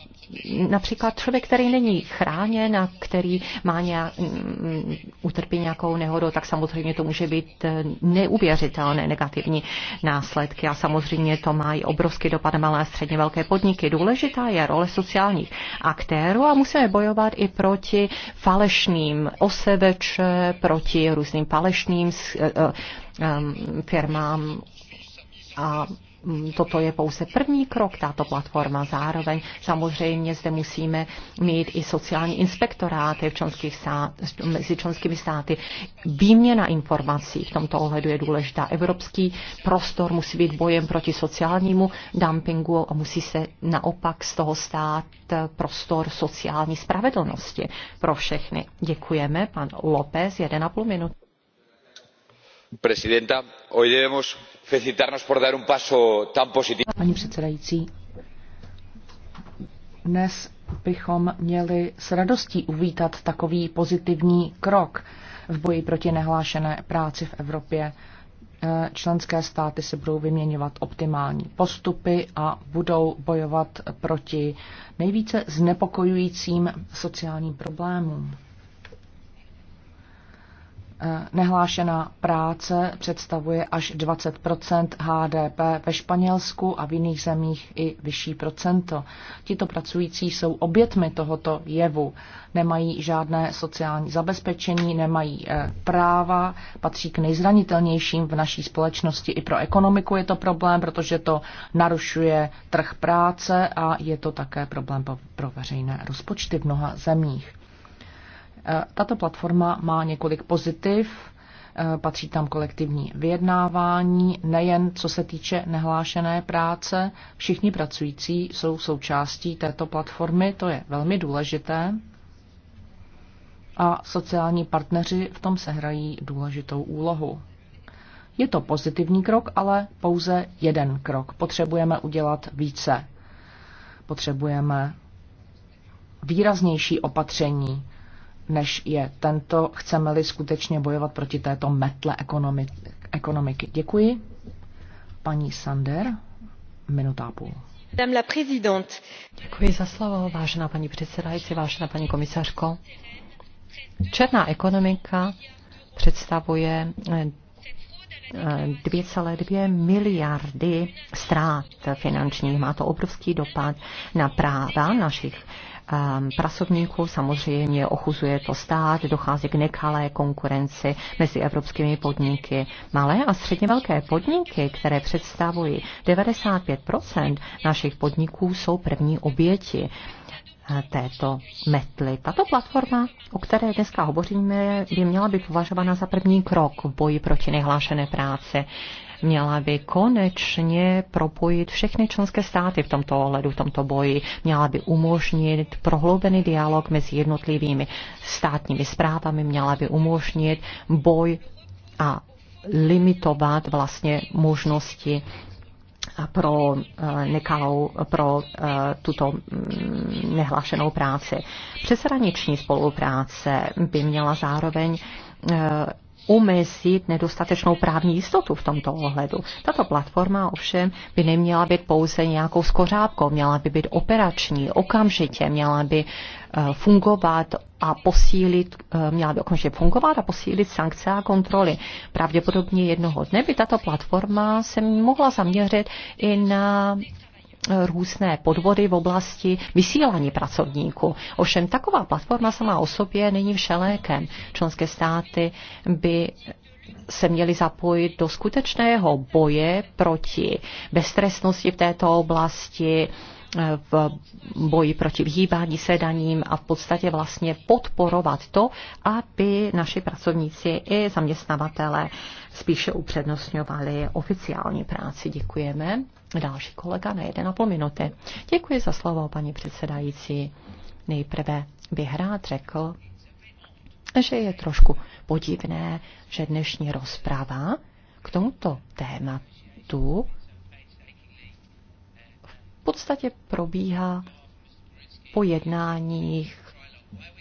[SPEAKER 2] například člověk, který není chráněn a který má nějak, mm, utrpí nějakou nehodu, tak samozřejmě to může být eh, neuvěřitelné negativní následky a samozřejmě to má i obrovský dopad na malé a středně velké podniky. Důležitá je role sociálních aktérů a musíme bojovat i proti falešným oseveče, proti různým falešným eh, eh, mm, firmám a Mm, toto je pouze první krok, tato platforma. Zároveň samozřejmě zde musíme mít i sociální inspektoráty v členských stát, mezi členskými státy. Výměna informací v tomto ohledu je důležitá. Evropský prostor musí být bojem proti sociálnímu dumpingu a musí se naopak z toho stát prostor sociální spravedlnosti pro všechny. Děkujeme. Pan López, půl minut.
[SPEAKER 4] Prezidenta, hoy debemos felicitarnos por dar un paso tan positivo.
[SPEAKER 1] Paní předsedající, dnes bychom měli s radostí uvítat takový pozitivní krok v boji proti nehlášené práci v Evropě. Eh, členské státy se budou vyměňovat optimální postupy a budou bojovat proti nejvíce znepokojujícím sociálním problémům. Eh, nehlášená práce představuje až 20 HDP ve Španělsku a v jiných zemích i vyšší procento. Tito pracující jsou obětmi tohoto jevu. Nemají žádné sociální zabezpečení, nemají eh, práva, patří k nejzranitelnějším v naší společnosti. I pro ekonomiku je to problém, protože to narušuje trh práce a je to také problém pro veřejné rozpočty v mnoha zemích. Eh, tato platforma má několik pozitiv. Eh, patří tam kolektivní vyjednávání, nejen co se týče nehlášené práce. Všichni pracující jsou součástí této platformy, to je velmi důležité. A sociální partneři v tom sehrají důležitou úlohu. Je to pozitivní krok, ale pouze jeden krok. Potřebujeme udělat více. Potřebujeme výraznější opatření, než je tento, chceme-li skutečně bojovat proti této metle ekonomiky. Děkuji. Paní Sander, minuta a půl.
[SPEAKER 2] Děkuji za slovo, vážená paní předsedající, vážená paní komisařko. Černá ekonomika představuje 2,2 eh, miliardy ztrát finančních. Má to obrovský dopad na práva našich Ehm, pracovníků. Samozřejmě ochuzuje to stát, dochází k nekalé konkurenci mezi evropskými podniky. Malé a středně velké podniky, které představují 95 našich podniků, jsou první oběti eh, této metly. Tato platforma, o které dneska hovoříme, by měla být považována za první krok v boji proti nehlášené práci. Měla by konečně propojit všechny členské státy v tomto ohledu, v tomto boji. Měla by umožnit prohloubený dialog mezi jednotlivými státními zprávami, měla by umožnit boj a limitovat vlastně možnosti pro eh, nekalou, pro eh, tuto mm, nehlášenou práci. Přeshraniční spolupráce by měla zároveň eh, omezit nedostatečnou právní jistotu v tomto ohledu. Tato platforma ovšem by neměla být pouze nějakou skořápkou, měla by být operační, okamžitě, měla by eh, fungovat a posílit, eh, měla by okamžitě fungovat a posílit sankce a kontroly. Pravděpodobně jednoho dne by tato platforma se mohla zaměřit i na různé podvody v oblasti vysílání pracovníků. Ovšem taková platforma sama o sobě není všelékem. Členské státy by se měli zapojit do skutečného boje proti beztrestnosti v této oblasti, eh, v boji proti vyhýbání se daním a v podstatě vlastně podporovat to, aby naši pracovníci i zaměstnavatele spíše upřednostňovali oficiální práci. Děkujeme. Další kolega na půl minuty. Děkuji za slovo, paní předsedající. Nejprve bych rád řekl, že je trošku podivné, že dnešní rozprava k tomuto tématu v podstatě probíhá po jednáních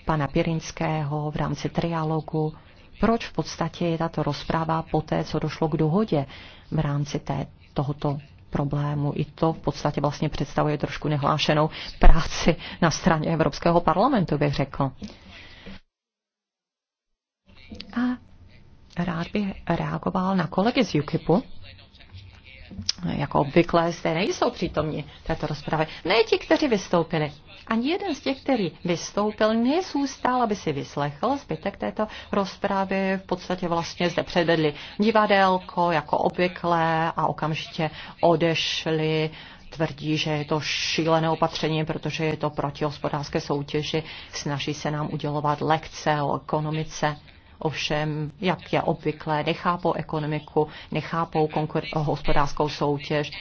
[SPEAKER 2] pana Pirinského v rámci trialogu. Proč v podstatě je tato rozpráva po té, co došlo k dohodě v rámci té, tohoto Problému. I to v podstatě vlastně představuje trošku nehlášenou práci na straně Evropského parlamentu, bych řekl. A rád bych reagoval na kolegy z UKIPu, jako obvykle zde nejsou přítomní této rozpravy. Ne ti, kteří vystoupili. Ani jeden z těch, který vystoupil, nezůstal, aby si vyslechl zbytek této rozpravy. V podstatě vlastně zde předvedli divadelko jako obvykle a okamžitě odešli tvrdí, že je to šílené opatření, protože je to proti hospodářské soutěži, snaží se nám udělovat lekce o ekonomice ovšem, jak je obvyklé, nechápou ekonomiku, nechápou konkur- hospodářskou soutěž.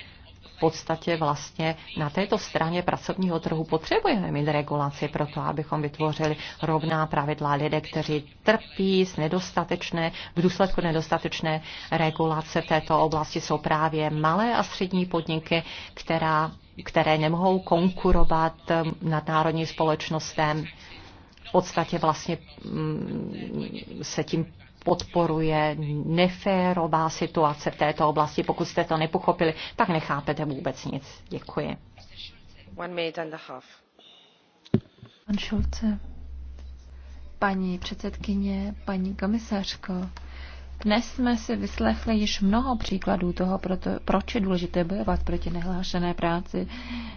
[SPEAKER 2] V podstatě vlastně na této straně pracovního trhu potřebujeme mít regulaci pro to, abychom vytvořili rovná pravidla lidé, kteří trpí z nedostatečné, v důsledku nedostatečné regulace této oblasti jsou právě malé a střední podniky, která, které nemohou konkurovat um, nadnárodním společnostem v podstatě vlastně mm, se tím podporuje neférová situace v této oblasti. Pokud jste to nepochopili, tak nechápete vůbec nic. Děkuji. Pan
[SPEAKER 3] Šulce, paní předsedkyně, paní komisařko, dnes jsme si vyslechli již mnoho příkladů toho, proto, proč je důležité bojovat proti nehlášené práci,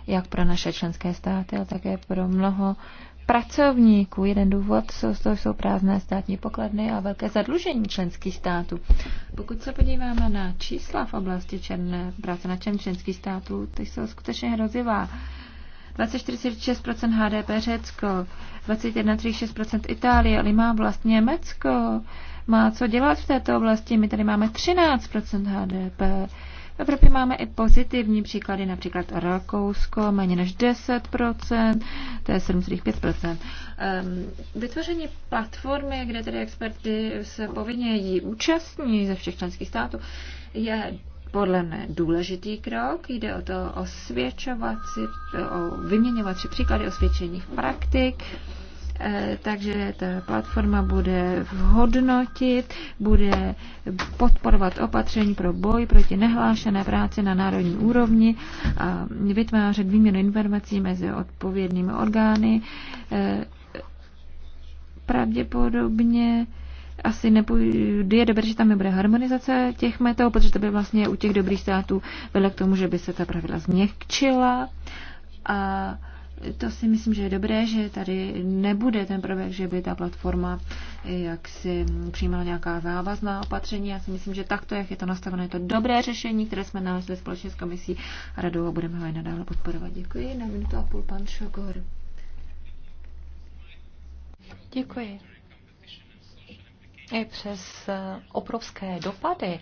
[SPEAKER 3] jak pro naše členské státy, ale také pro mnoho pracovníků. Jeden důvod jsou, to jsou prázdné státní pokladny a velké zadlužení členských států. Pokud se podíváme na čísla v oblasti černé práce na čem členských států, ty jsou skutečně hrozivá. 24,6% HDP Řecko, 21,6% Itálie, ale má vlastně Německo. Má co dělat v této oblasti, my tady máme 13% HDP v Evropě máme i pozitivní příklady, například Rakousko, méně než 10%, to je 7,5%. Ehm, vytvoření platformy, kde tedy experty se povinně jí účastní ze všech členských států, je podle mne důležitý krok. Jde o to osvědčovat si, o vyměňovat si příklady osvědčených praktik, Eh, takže ta platforma bude hodnotit, bude podporovat opatření pro boj proti nehlášené práci na národní úrovni a vytvářet výměnu informací mezi odpovědnými orgány. Eh, pravděpodobně asi nepůjde, je dobré, že tam nebude harmonizace těch metod, protože to by vlastně u těch dobrých států vedlo k tomu, že by se ta pravidla změkčila a to si myslím, že je dobré, že tady nebude ten prvek, že by ta platforma jak si přijímala nějaká závazná opatření. Já si myslím, že takto, jak je to nastavené, je to dobré řešení, které jsme nalezli společně s komisí a radou a budeme ho i nadále podporovat. Děkuji. Na minutu a půl pan Šokor.
[SPEAKER 2] Děkuji. I přes eh, obrovské dopady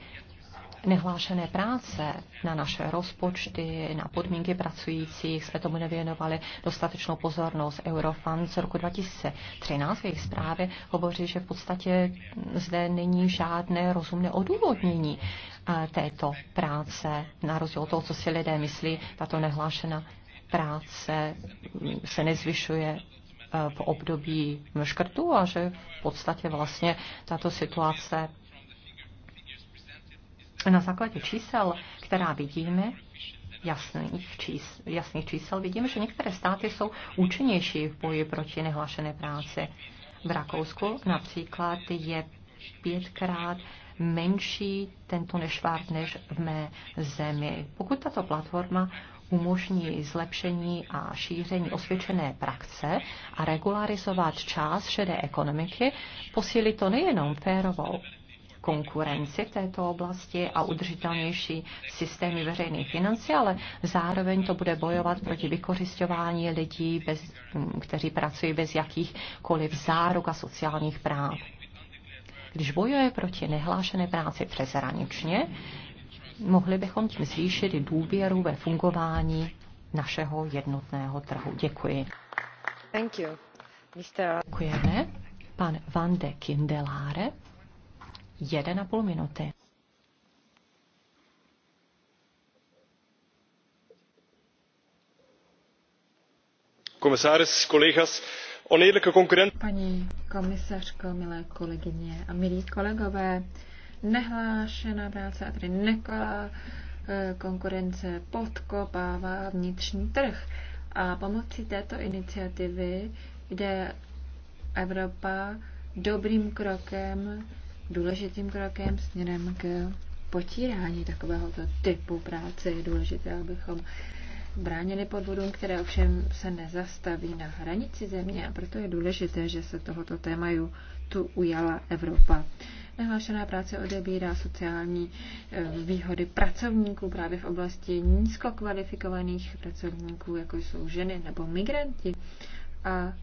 [SPEAKER 2] nehlášené práce na naše rozpočty, na podmínky pracujících, jsme tomu nevěnovali dostatečnou pozornost. Eurofund z roku 2013 v jejich zprávě hovoří, že v podstatě zde není žádné rozumné odůvodnění eh, této práce, na rozdíl od toho, co si lidé myslí, tato nehlášená práce hm, se nezvyšuje eh, v období škrtu a že v podstatě vlastně tato situace na základě čísel, která vidíme, jasných, čís, jasných čísel, vidíme, že některé státy jsou účinnější v boji proti nehlášené práci. V Rakousku například je pětkrát menší tento nešvár než v mé zemi. Pokud tato platforma umožní zlepšení a šíření osvědčené praxe a regularizovat část šedé ekonomiky, posílí to nejenom férovou konkurenci v této oblasti a udržitelnější systémy veřejných financí, ale zároveň to bude bojovat proti vykořišťování lidí, bez, kteří pracují bez jakýchkoliv záruk a sociálních práv. Když bojuje proti nehlášené práci přeshraničně, mohli bychom tím zvýšit i důvěru ve fungování našeho jednotného trhu. Děkuji. Thank you. Mr. Děkujeme. Pan Van de Kindelare. 1,5 minuty.
[SPEAKER 3] Komisáres, kolegas, oneerlijke konkurent... Paní komisařko, milé kolegyně a milí kolegové, nehlášená práce a tedy nekalá eh, konkurence podkopává vnitřní trh. A pomocí této iniciativy jde Evropa dobrým krokem důležitým krokem směrem k potírání takovéhoto typu práce. Je důležité, abychom bránili podvodům, které ovšem se nezastaví na hranici země a proto je důležité, že se tohoto téma tu ujala Evropa. Nahlášená práce odebírá sociální eh, výhody pracovníků právě v oblasti nízkokvalifikovaných pracovníků, jako jsou ženy nebo migranti. A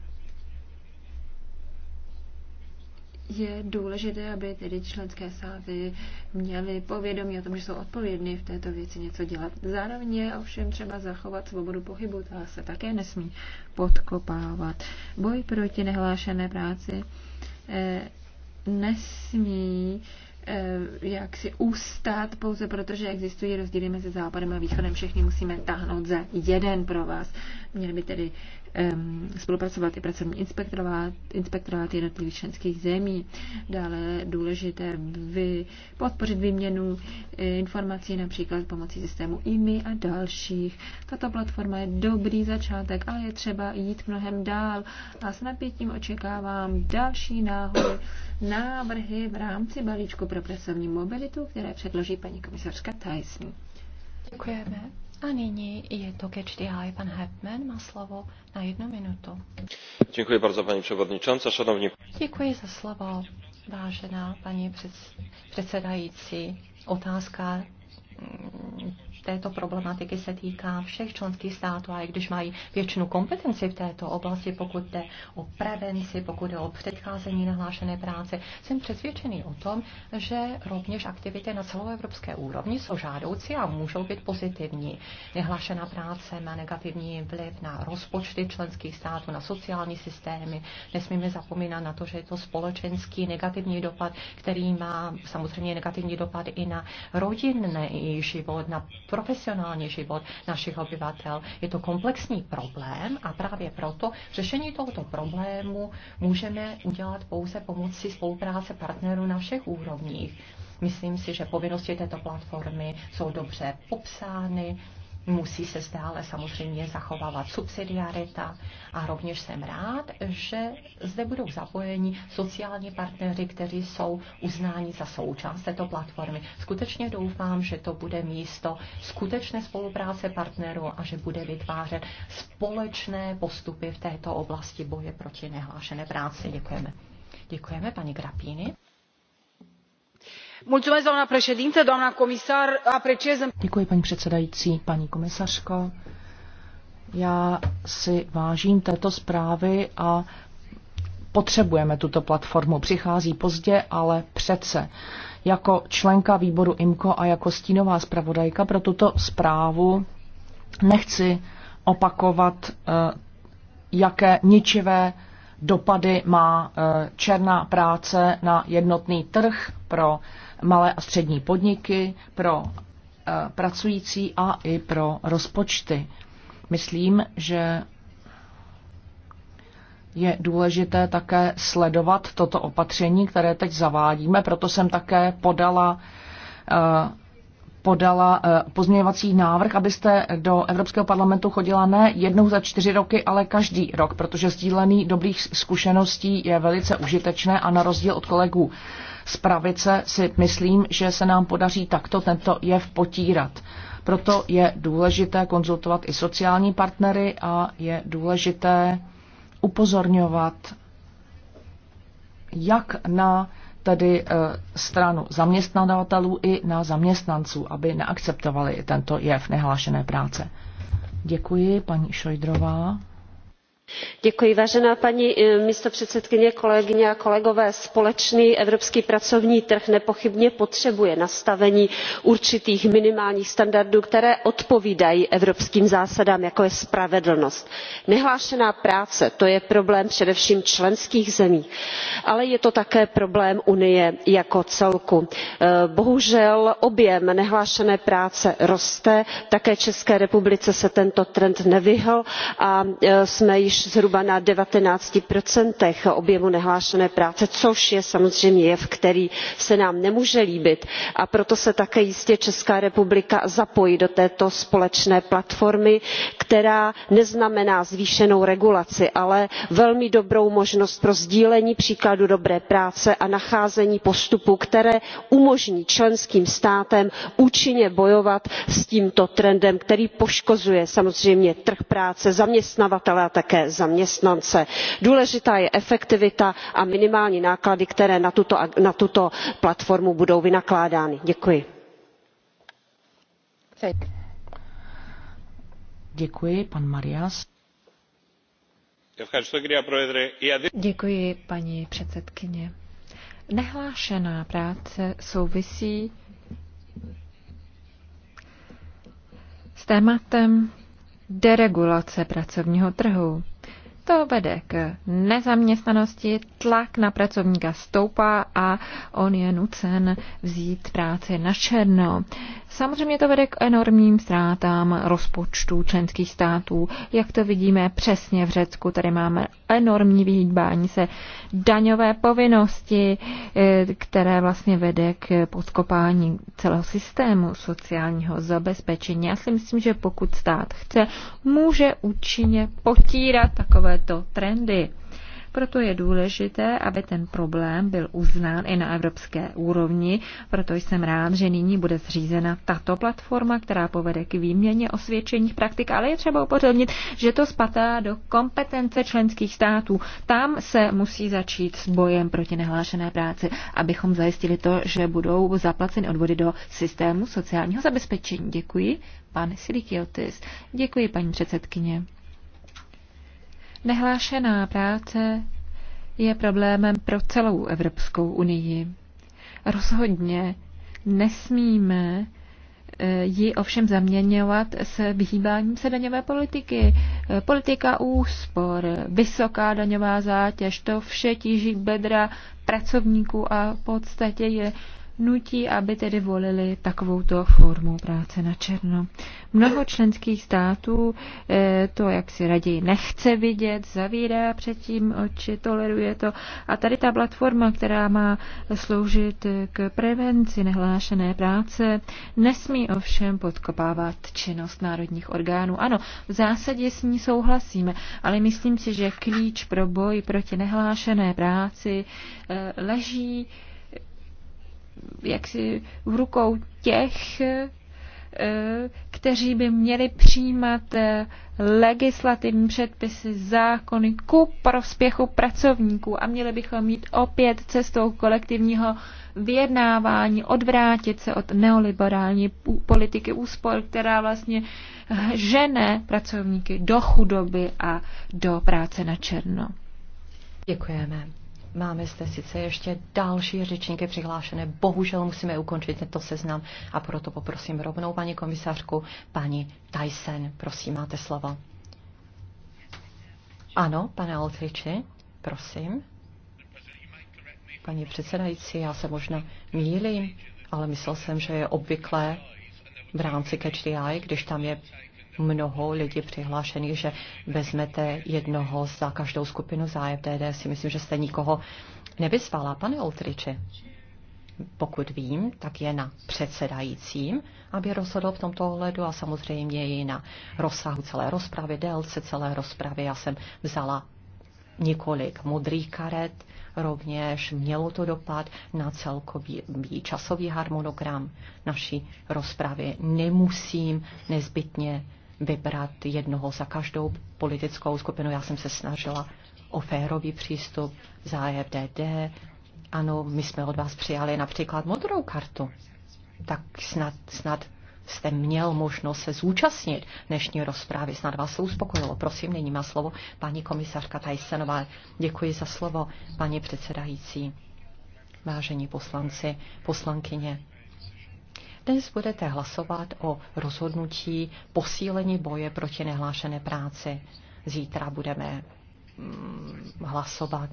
[SPEAKER 3] je důležité, aby tedy členské státy měly povědomí o tom, že jsou odpovědní v této věci něco dělat. Zároveň je ovšem třeba zachovat svobodu pohybu, ta se také nesmí podkopávat. Boj proti nehlášené práci eh, nesmí eh, jak si ústat pouze proto, že existují rozdíly mezi západem a východem. Všichni musíme táhnout za jeden pro vás. Měli by tedy spolupracovat i pracovní inspektorát, inspektorát jednotlivých členských zemí. Dále důležité vy, podpořit výměnu eh, informací například pomocí systému IMI a dalších. Tato platforma je dobrý začátek, ale je třeba jít mnohem dál a s napětím očekávám další náhody, návrhy v rámci balíčku pro pracovní mobilitu,
[SPEAKER 2] které předloží paní komisařka Tyson. Děkujeme. A nyní je to ke HDI. Pan Hepman má slovo na jednu minutu.
[SPEAKER 4] Děkuji bardzo, paní
[SPEAKER 3] předsedající.
[SPEAKER 2] Šanovní... Děkuji za slovo, vážená paní předsedající. Otázka mm, této problematiky se týká všech členských států a i když mají většinu kompetenci v této oblasti, pokud jde o prevenci, pokud jde o předcházení nahlášené práce, jsem přesvědčený o tom, že rovněž aktivity na celoevropské úrovni jsou žádoucí a můžou být pozitivní. Nehlášená práce má negativní vliv na rozpočty členských států, na sociální systémy. Nesmíme zapomínat na to, že je to společenský negativní dopad, který má samozřejmě negativní dopad i na rodinný život, na profesionální život našich obyvatel. Je to komplexní problém a právě proto řešení tohoto problému můžeme udělat pouze pomocí spolupráce partnerů na všech úrovních. Myslím si, že povinnosti této platformy jsou dobře popsány, musí se stále samozřejmě zachovávat subsidiarita a rovněž jsem rád, že zde budou zapojeni sociální partneři, kteří jsou uznáni za součást této platformy. Skutečně doufám, že to bude místo skutečné spolupráce partnerů a že bude vytvářet společné postupy v této oblasti boje proti nehlášené
[SPEAKER 1] práci. Děkujeme.
[SPEAKER 2] Děkujeme paní Grapíny doamnă
[SPEAKER 1] președintă doamnă comisar apreciez. Děkuji, paní předsedající, paní komisařko. Já si vážím této zprávy a potřebujeme tuto platformu. Přichází pozdě, ale přece. Jako členka výboru IMCO a jako stínová zpravodajka pro tuto zprávu nechci opakovat, eh, jaké ničivé dopady má eh, černá práce na jednotný trh pro malé a střední podniky, pro eh, pracující a i pro rozpočty. Myslím, že je důležité také sledovat toto opatření, které teď zavádíme, proto jsem také podala eh, podala eh, pozměňovací návrh, abyste do Evropského parlamentu chodila ne jednou za čtyři roky, ale každý rok, protože sdílený dobrých zkušeností je velice užitečné a na rozdíl od kolegů z pravice si myslím, že se nám podaří takto tento jev potírat. Proto je důležité konzultovat i sociální partnery a je důležité upozorňovat jak na tedy eh, stranu zaměstnavatelů i na zaměstnanců, aby neakceptovali tento jev nehlášené práce. Děkuji, paní Šojdrová
[SPEAKER 4] paní eh, předsedající společný evropský pracovní trh nepochybně potřebuje nastavení určitých minimálních standardů které odpovídají evropským zásadám jako je spravedlnost. nehlášená práce to je problém především členských zemí ale je to také problém unie jako celku. Eh, bohužel objem nehlášené práce roste také české republice se tento trend nevyhnul a eh, jsme již již zhruba na nineteen objemu nehlášené práce což je samozřejmě jev který se nám nemůže líbit a proto se také jistě česká republika zapojí do této společné platformy která neznamená zvýšenou regulaci ale velmi dobrou možnost pro sdílení příkladů dobré práce a nacházení postupů které umožní členským státem účinně bojovat s tímto trendem který poškozuje samozřejmě trh práce zaměstnavatele a také zaměstnance. důležitá je efektivita a minimální náklady které na tuto platformu budou vynakládány.
[SPEAKER 1] děkuji. Děkuji, Děkuji,
[SPEAKER 3] paní předsedkyně. Nehlášená práce souvisí s tématem deregulace pracovního trhu. To vede k nezaměstnanosti, tlak na pracovníka stoupá a on je nucen vzít práci na černo. Samozřejmě to vede k enormním ztrátám rozpočtů členských států. Jak to vidíme přesně v Řecku, tady máme enormní vyhýbání se daňové povinnosti, eh, které vlastně vede k podkopání celého systému sociálního zabezpečení. Já si myslím, že pokud stát chce, může účinně potírat takovéto trendy. Proto je důležité, aby ten problém byl uznán i na evropské úrovni, proto jsem rád, že nyní bude zřízena tato platforma, která povede k výměně osvědčených praktik, ale je třeba upozornit, že to spadá do kompetence členských států. Tam se musí začít s bojem proti nehlášené práci, abychom zajistili to, že budou zaplaceny odvody do systému sociálního zabezpečení. Děkuji, pan Silikiotis. Děkuji, paní předsedkyně. Nehlášená práce je problémem pro celou Evropskou unii. Rozhodně nesmíme eh, ji ovšem zaměňovat s vyhýbáním se daňové politiky. Eh, politika úspor, vysoká daňová zátěž, to vše tíží bedra pracovníků a v podstatě je nutí, aby tedy volili takovouto formu práce na černo. Mnoho členských států eh, to, jak si raději nechce vidět, zavírá předtím oči, toleruje to. A tady ta platforma, která má sloužit k prevenci nehlášené práce, nesmí ovšem podkopávat činnost národních orgánů. Ano, v zásadě s ní souhlasíme, ale myslím si, že klíč pro boj proti nehlášené práci eh, leží jaksi v rukou těch, eh, kteří by měli přijímat eh, legislativní předpisy, zákony ku prospěchu pracovníků a měli bychom mít opět cestou kolektivního vyjednávání, odvrátit se od neoliberální politiky úspor, která vlastně žene
[SPEAKER 2] pracovníky do chudoby a do práce na černo. Děkujeme. Máme zde sice ještě další řečníky přihlášené. Bohužel musíme ukončit tento seznam a proto poprosím rovnou paní komisařku, paní Tyson. Prosím, máte slovo. Ano, pane Altriči, prosím. Paní předsedající, já se možná mílím, ale myslel jsem, že je obvyklé v rámci Eye, když tam je mnoho lidí přihlášených, že vezmete jednoho za každou skupinu za FDD. Si myslím, že jste nikoho nevyzvala. Pane Oltriče. pokud vím, tak je na předsedajícím, aby rozhodl v tomto ohledu a samozřejmě i na rozsahu celé rozpravy, délce celé rozpravy. Já jsem vzala několik modrých karet, rovněž mělo to dopad na celkový časový harmonogram naší rozpravy. Nemusím nezbytně vybrat jednoho za každou politickou skupinu. Já jsem se snažila o férový přístup za FDD. Ano, my jsme od vás přijali například modrou kartu. Tak snad, snad jste měl možnost se zúčastnit dnešní rozprávy. Snad vás se uspokojilo. Prosím, nyní má slovo paní komisařka Tajsenová. Děkuji za slovo, paní předsedající. Vážení poslanci, poslankyně, dnes budete hlasovat o rozhodnutí posílení boje proti nehlášené práci. Zítra budeme mm, hlasovat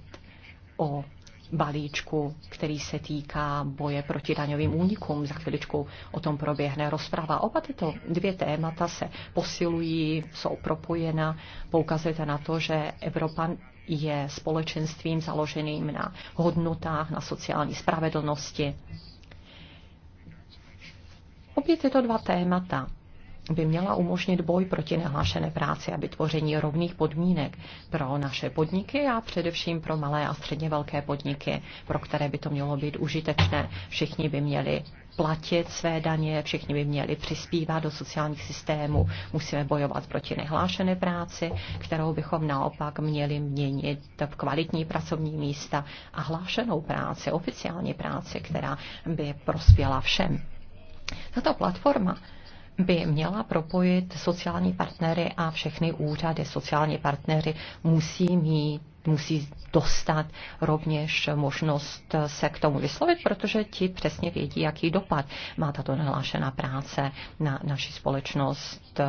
[SPEAKER 2] o balíčku, který se týká boje proti daňovým únikům. Za chviličku o tom proběhne rozprava. Oba tyto dvě témata se posilují, jsou propojena. Poukazujete na to, že Evropa je společenstvím založeným na hodnotách, na sociální spravedlnosti. Obě tyto dva témata by měla umožnit boj proti nehlášené práci a vytvoření rovných podmínek pro naše podniky a především pro malé a středně velké podniky, pro které by to mělo být užitečné. Všichni by měli platit své daně, všichni by měli přispívat do sociálních systémů. Musíme bojovat proti nehlášené práci, kterou bychom naopak měli měnit v kvalitní pracovní místa a hlášenou práci, oficiální práci, která by prospěla všem. Tato platforma by měla propojit sociální partnery a všechny úřady. Sociální partnery musí mít musí dostat rovněž možnost se k tomu vyslovit, protože ti přesně vědí, jaký dopad má tato nahlášená práce na naši společnost.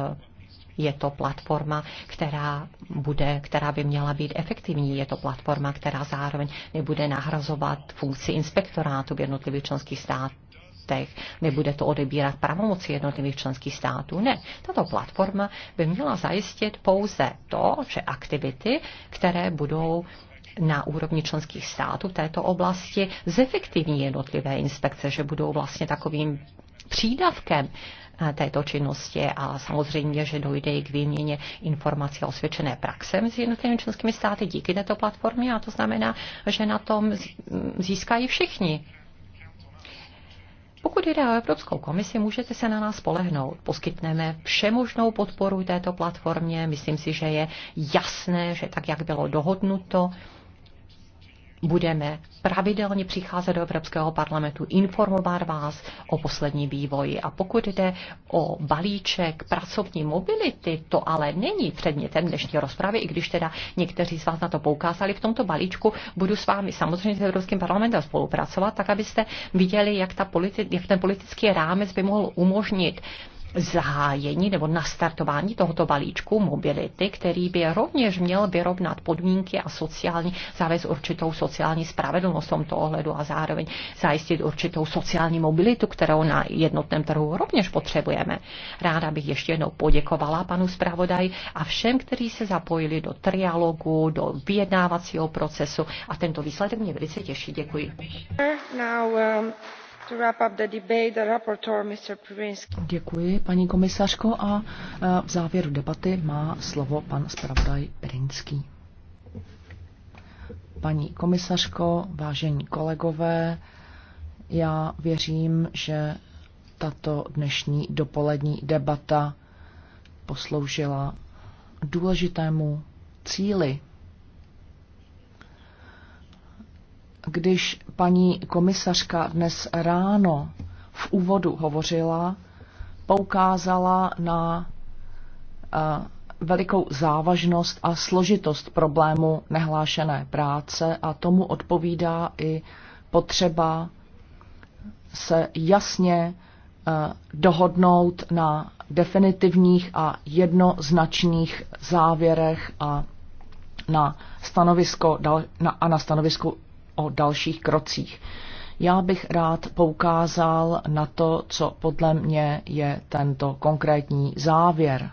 [SPEAKER 2] Je to platforma, která, bude, která by měla být efektivní. Je to platforma, která zároveň nebude nahrazovat funkci inspektorátu v jednotlivých členských stát, státech, nebude to odebírat pravomoci jednotlivých členských států. Ne, tato platforma by měla zajistit pouze to, že aktivity, které budou na úrovni členských států v této oblasti zefektivní jednotlivé inspekce, že budou vlastně takovým přídavkem eh, této činnosti a samozřejmě, že dojde i k výměně informací o osvědčené praxe mezi jednotlivými členskými státy díky této platformě a to znamená, že na tom získají všichni pokud jde o Evropskou komisi, můžete se na nás spolehnout. Poskytneme všemožnou podporu této platformě. Myslím si, že je jasné, že tak, jak bylo dohodnuto, budeme pravidelně přicházet do Evropského parlamentu, informovat vás o poslední vývoji. A pokud jde o balíček pracovní mobility, to ale není předmětem dnešní rozpravy, i když teda někteří z vás na to poukázali. V tomto balíčku budu s vámi samozřejmě s Evropským parlamentem spolupracovat, tak abyste viděli, jak, ta politi- jak ten politický rámec by mohl umožnit zahájení nebo nastartování tohoto balíčku mobility, který by rovněž měl vyrovnat podmínky a sociální, zavést určitou sociální spravedlnost v tomto ohledu a zároveň zajistit určitou sociální mobilitu, kterou na jednotném trhu rovněž potřebujeme. Ráda bych ještě jednou poděkovala panu zpravodaj a všem, kteří se zapojili do trialogu, do vyjednávacího procesu a tento
[SPEAKER 1] výsledek mě velice těší. Děkuji.
[SPEAKER 3] Now, um...
[SPEAKER 1] Děkuji, paní komisařko, a e, v závěru debaty má slovo pan zpravodaj Pirinský. Paní komisařko, vážení kolegové, já věřím, že tato dnešní dopolední debata posloužila důležitému cíli Když paní komisařka dnes ráno v úvodu hovořila, poukázala na eh, velikou závažnost a složitost problému nehlášené práce a tomu odpovídá i potřeba se jasně eh, dohodnout na definitivních a jednoznačných závěrech a na stanovisko, a na stanovisku o dalších krocích. Já bych rád poukázal na to, co podle mě je tento konkrétní závěr.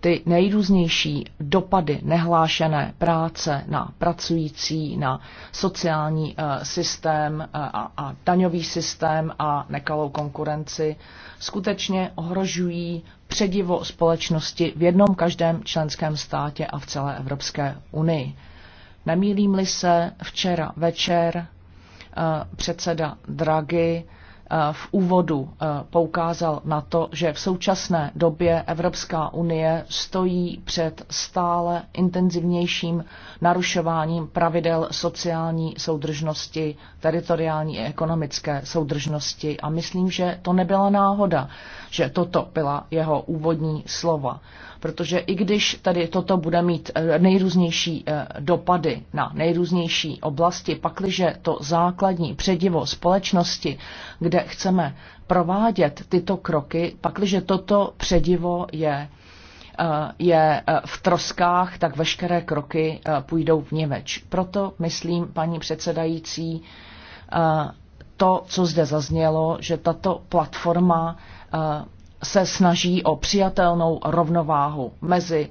[SPEAKER 1] Ty nejrůznější dopady nehlášené práce na pracující, na sociální eh, systém eh, a, a daňový systém a nekalou konkurenci skutečně ohrožují předivo společnosti v jednom každém členském státě a v celé Evropské unii. Nemýlím-li se, včera večer eh, předseda Draghi eh, v úvodu eh, poukázal na to, že v současné době Evropská unie stojí před stále intenzivnějším narušováním pravidel sociální soudržnosti, teritoriální i ekonomické soudržnosti. A myslím, že to nebyla náhoda, že toto byla jeho úvodní slova protože i když tady toto bude mít eh, nejrůznější eh, dopady na nejrůznější oblasti, pakliže to základní předivo společnosti, kde chceme provádět tyto kroky, pakliže toto předivo je eh, je v troskách, tak veškeré kroky půjdou v něveč. Proto myslím, paní předsedající, to, co zde zaznělo, že tato platforma se snaží o přijatelnou rovnováhu mezi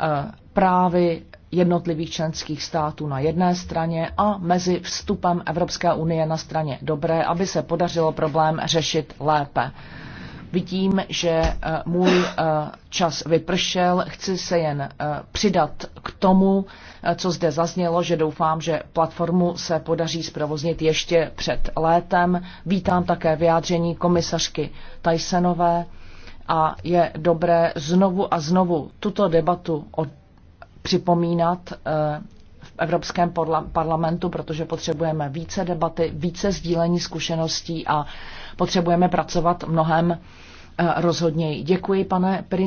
[SPEAKER 1] eh, právy jednotlivých členských států na jedné straně a mezi vstupem Evropské unie na straně dobré, aby se podařilo problém řešit lépe. Vidím, že eh, můj eh, čas vypršel. Chci se jen přidat k tomu, co zde zaznělo, že doufám, že platformu se podaří zprovoznit ještě před létem. Vítám také vyjádření komisařky Tysonové a je dobré znovu a znovu tuto debatu od, připomínat eh, v Evropském parlamentu, protože potřebujeme více debaty, více sdílení zkušeností a potřebujeme pracovat mnohem eh, rozhodněji. Děkuji, pane Prin.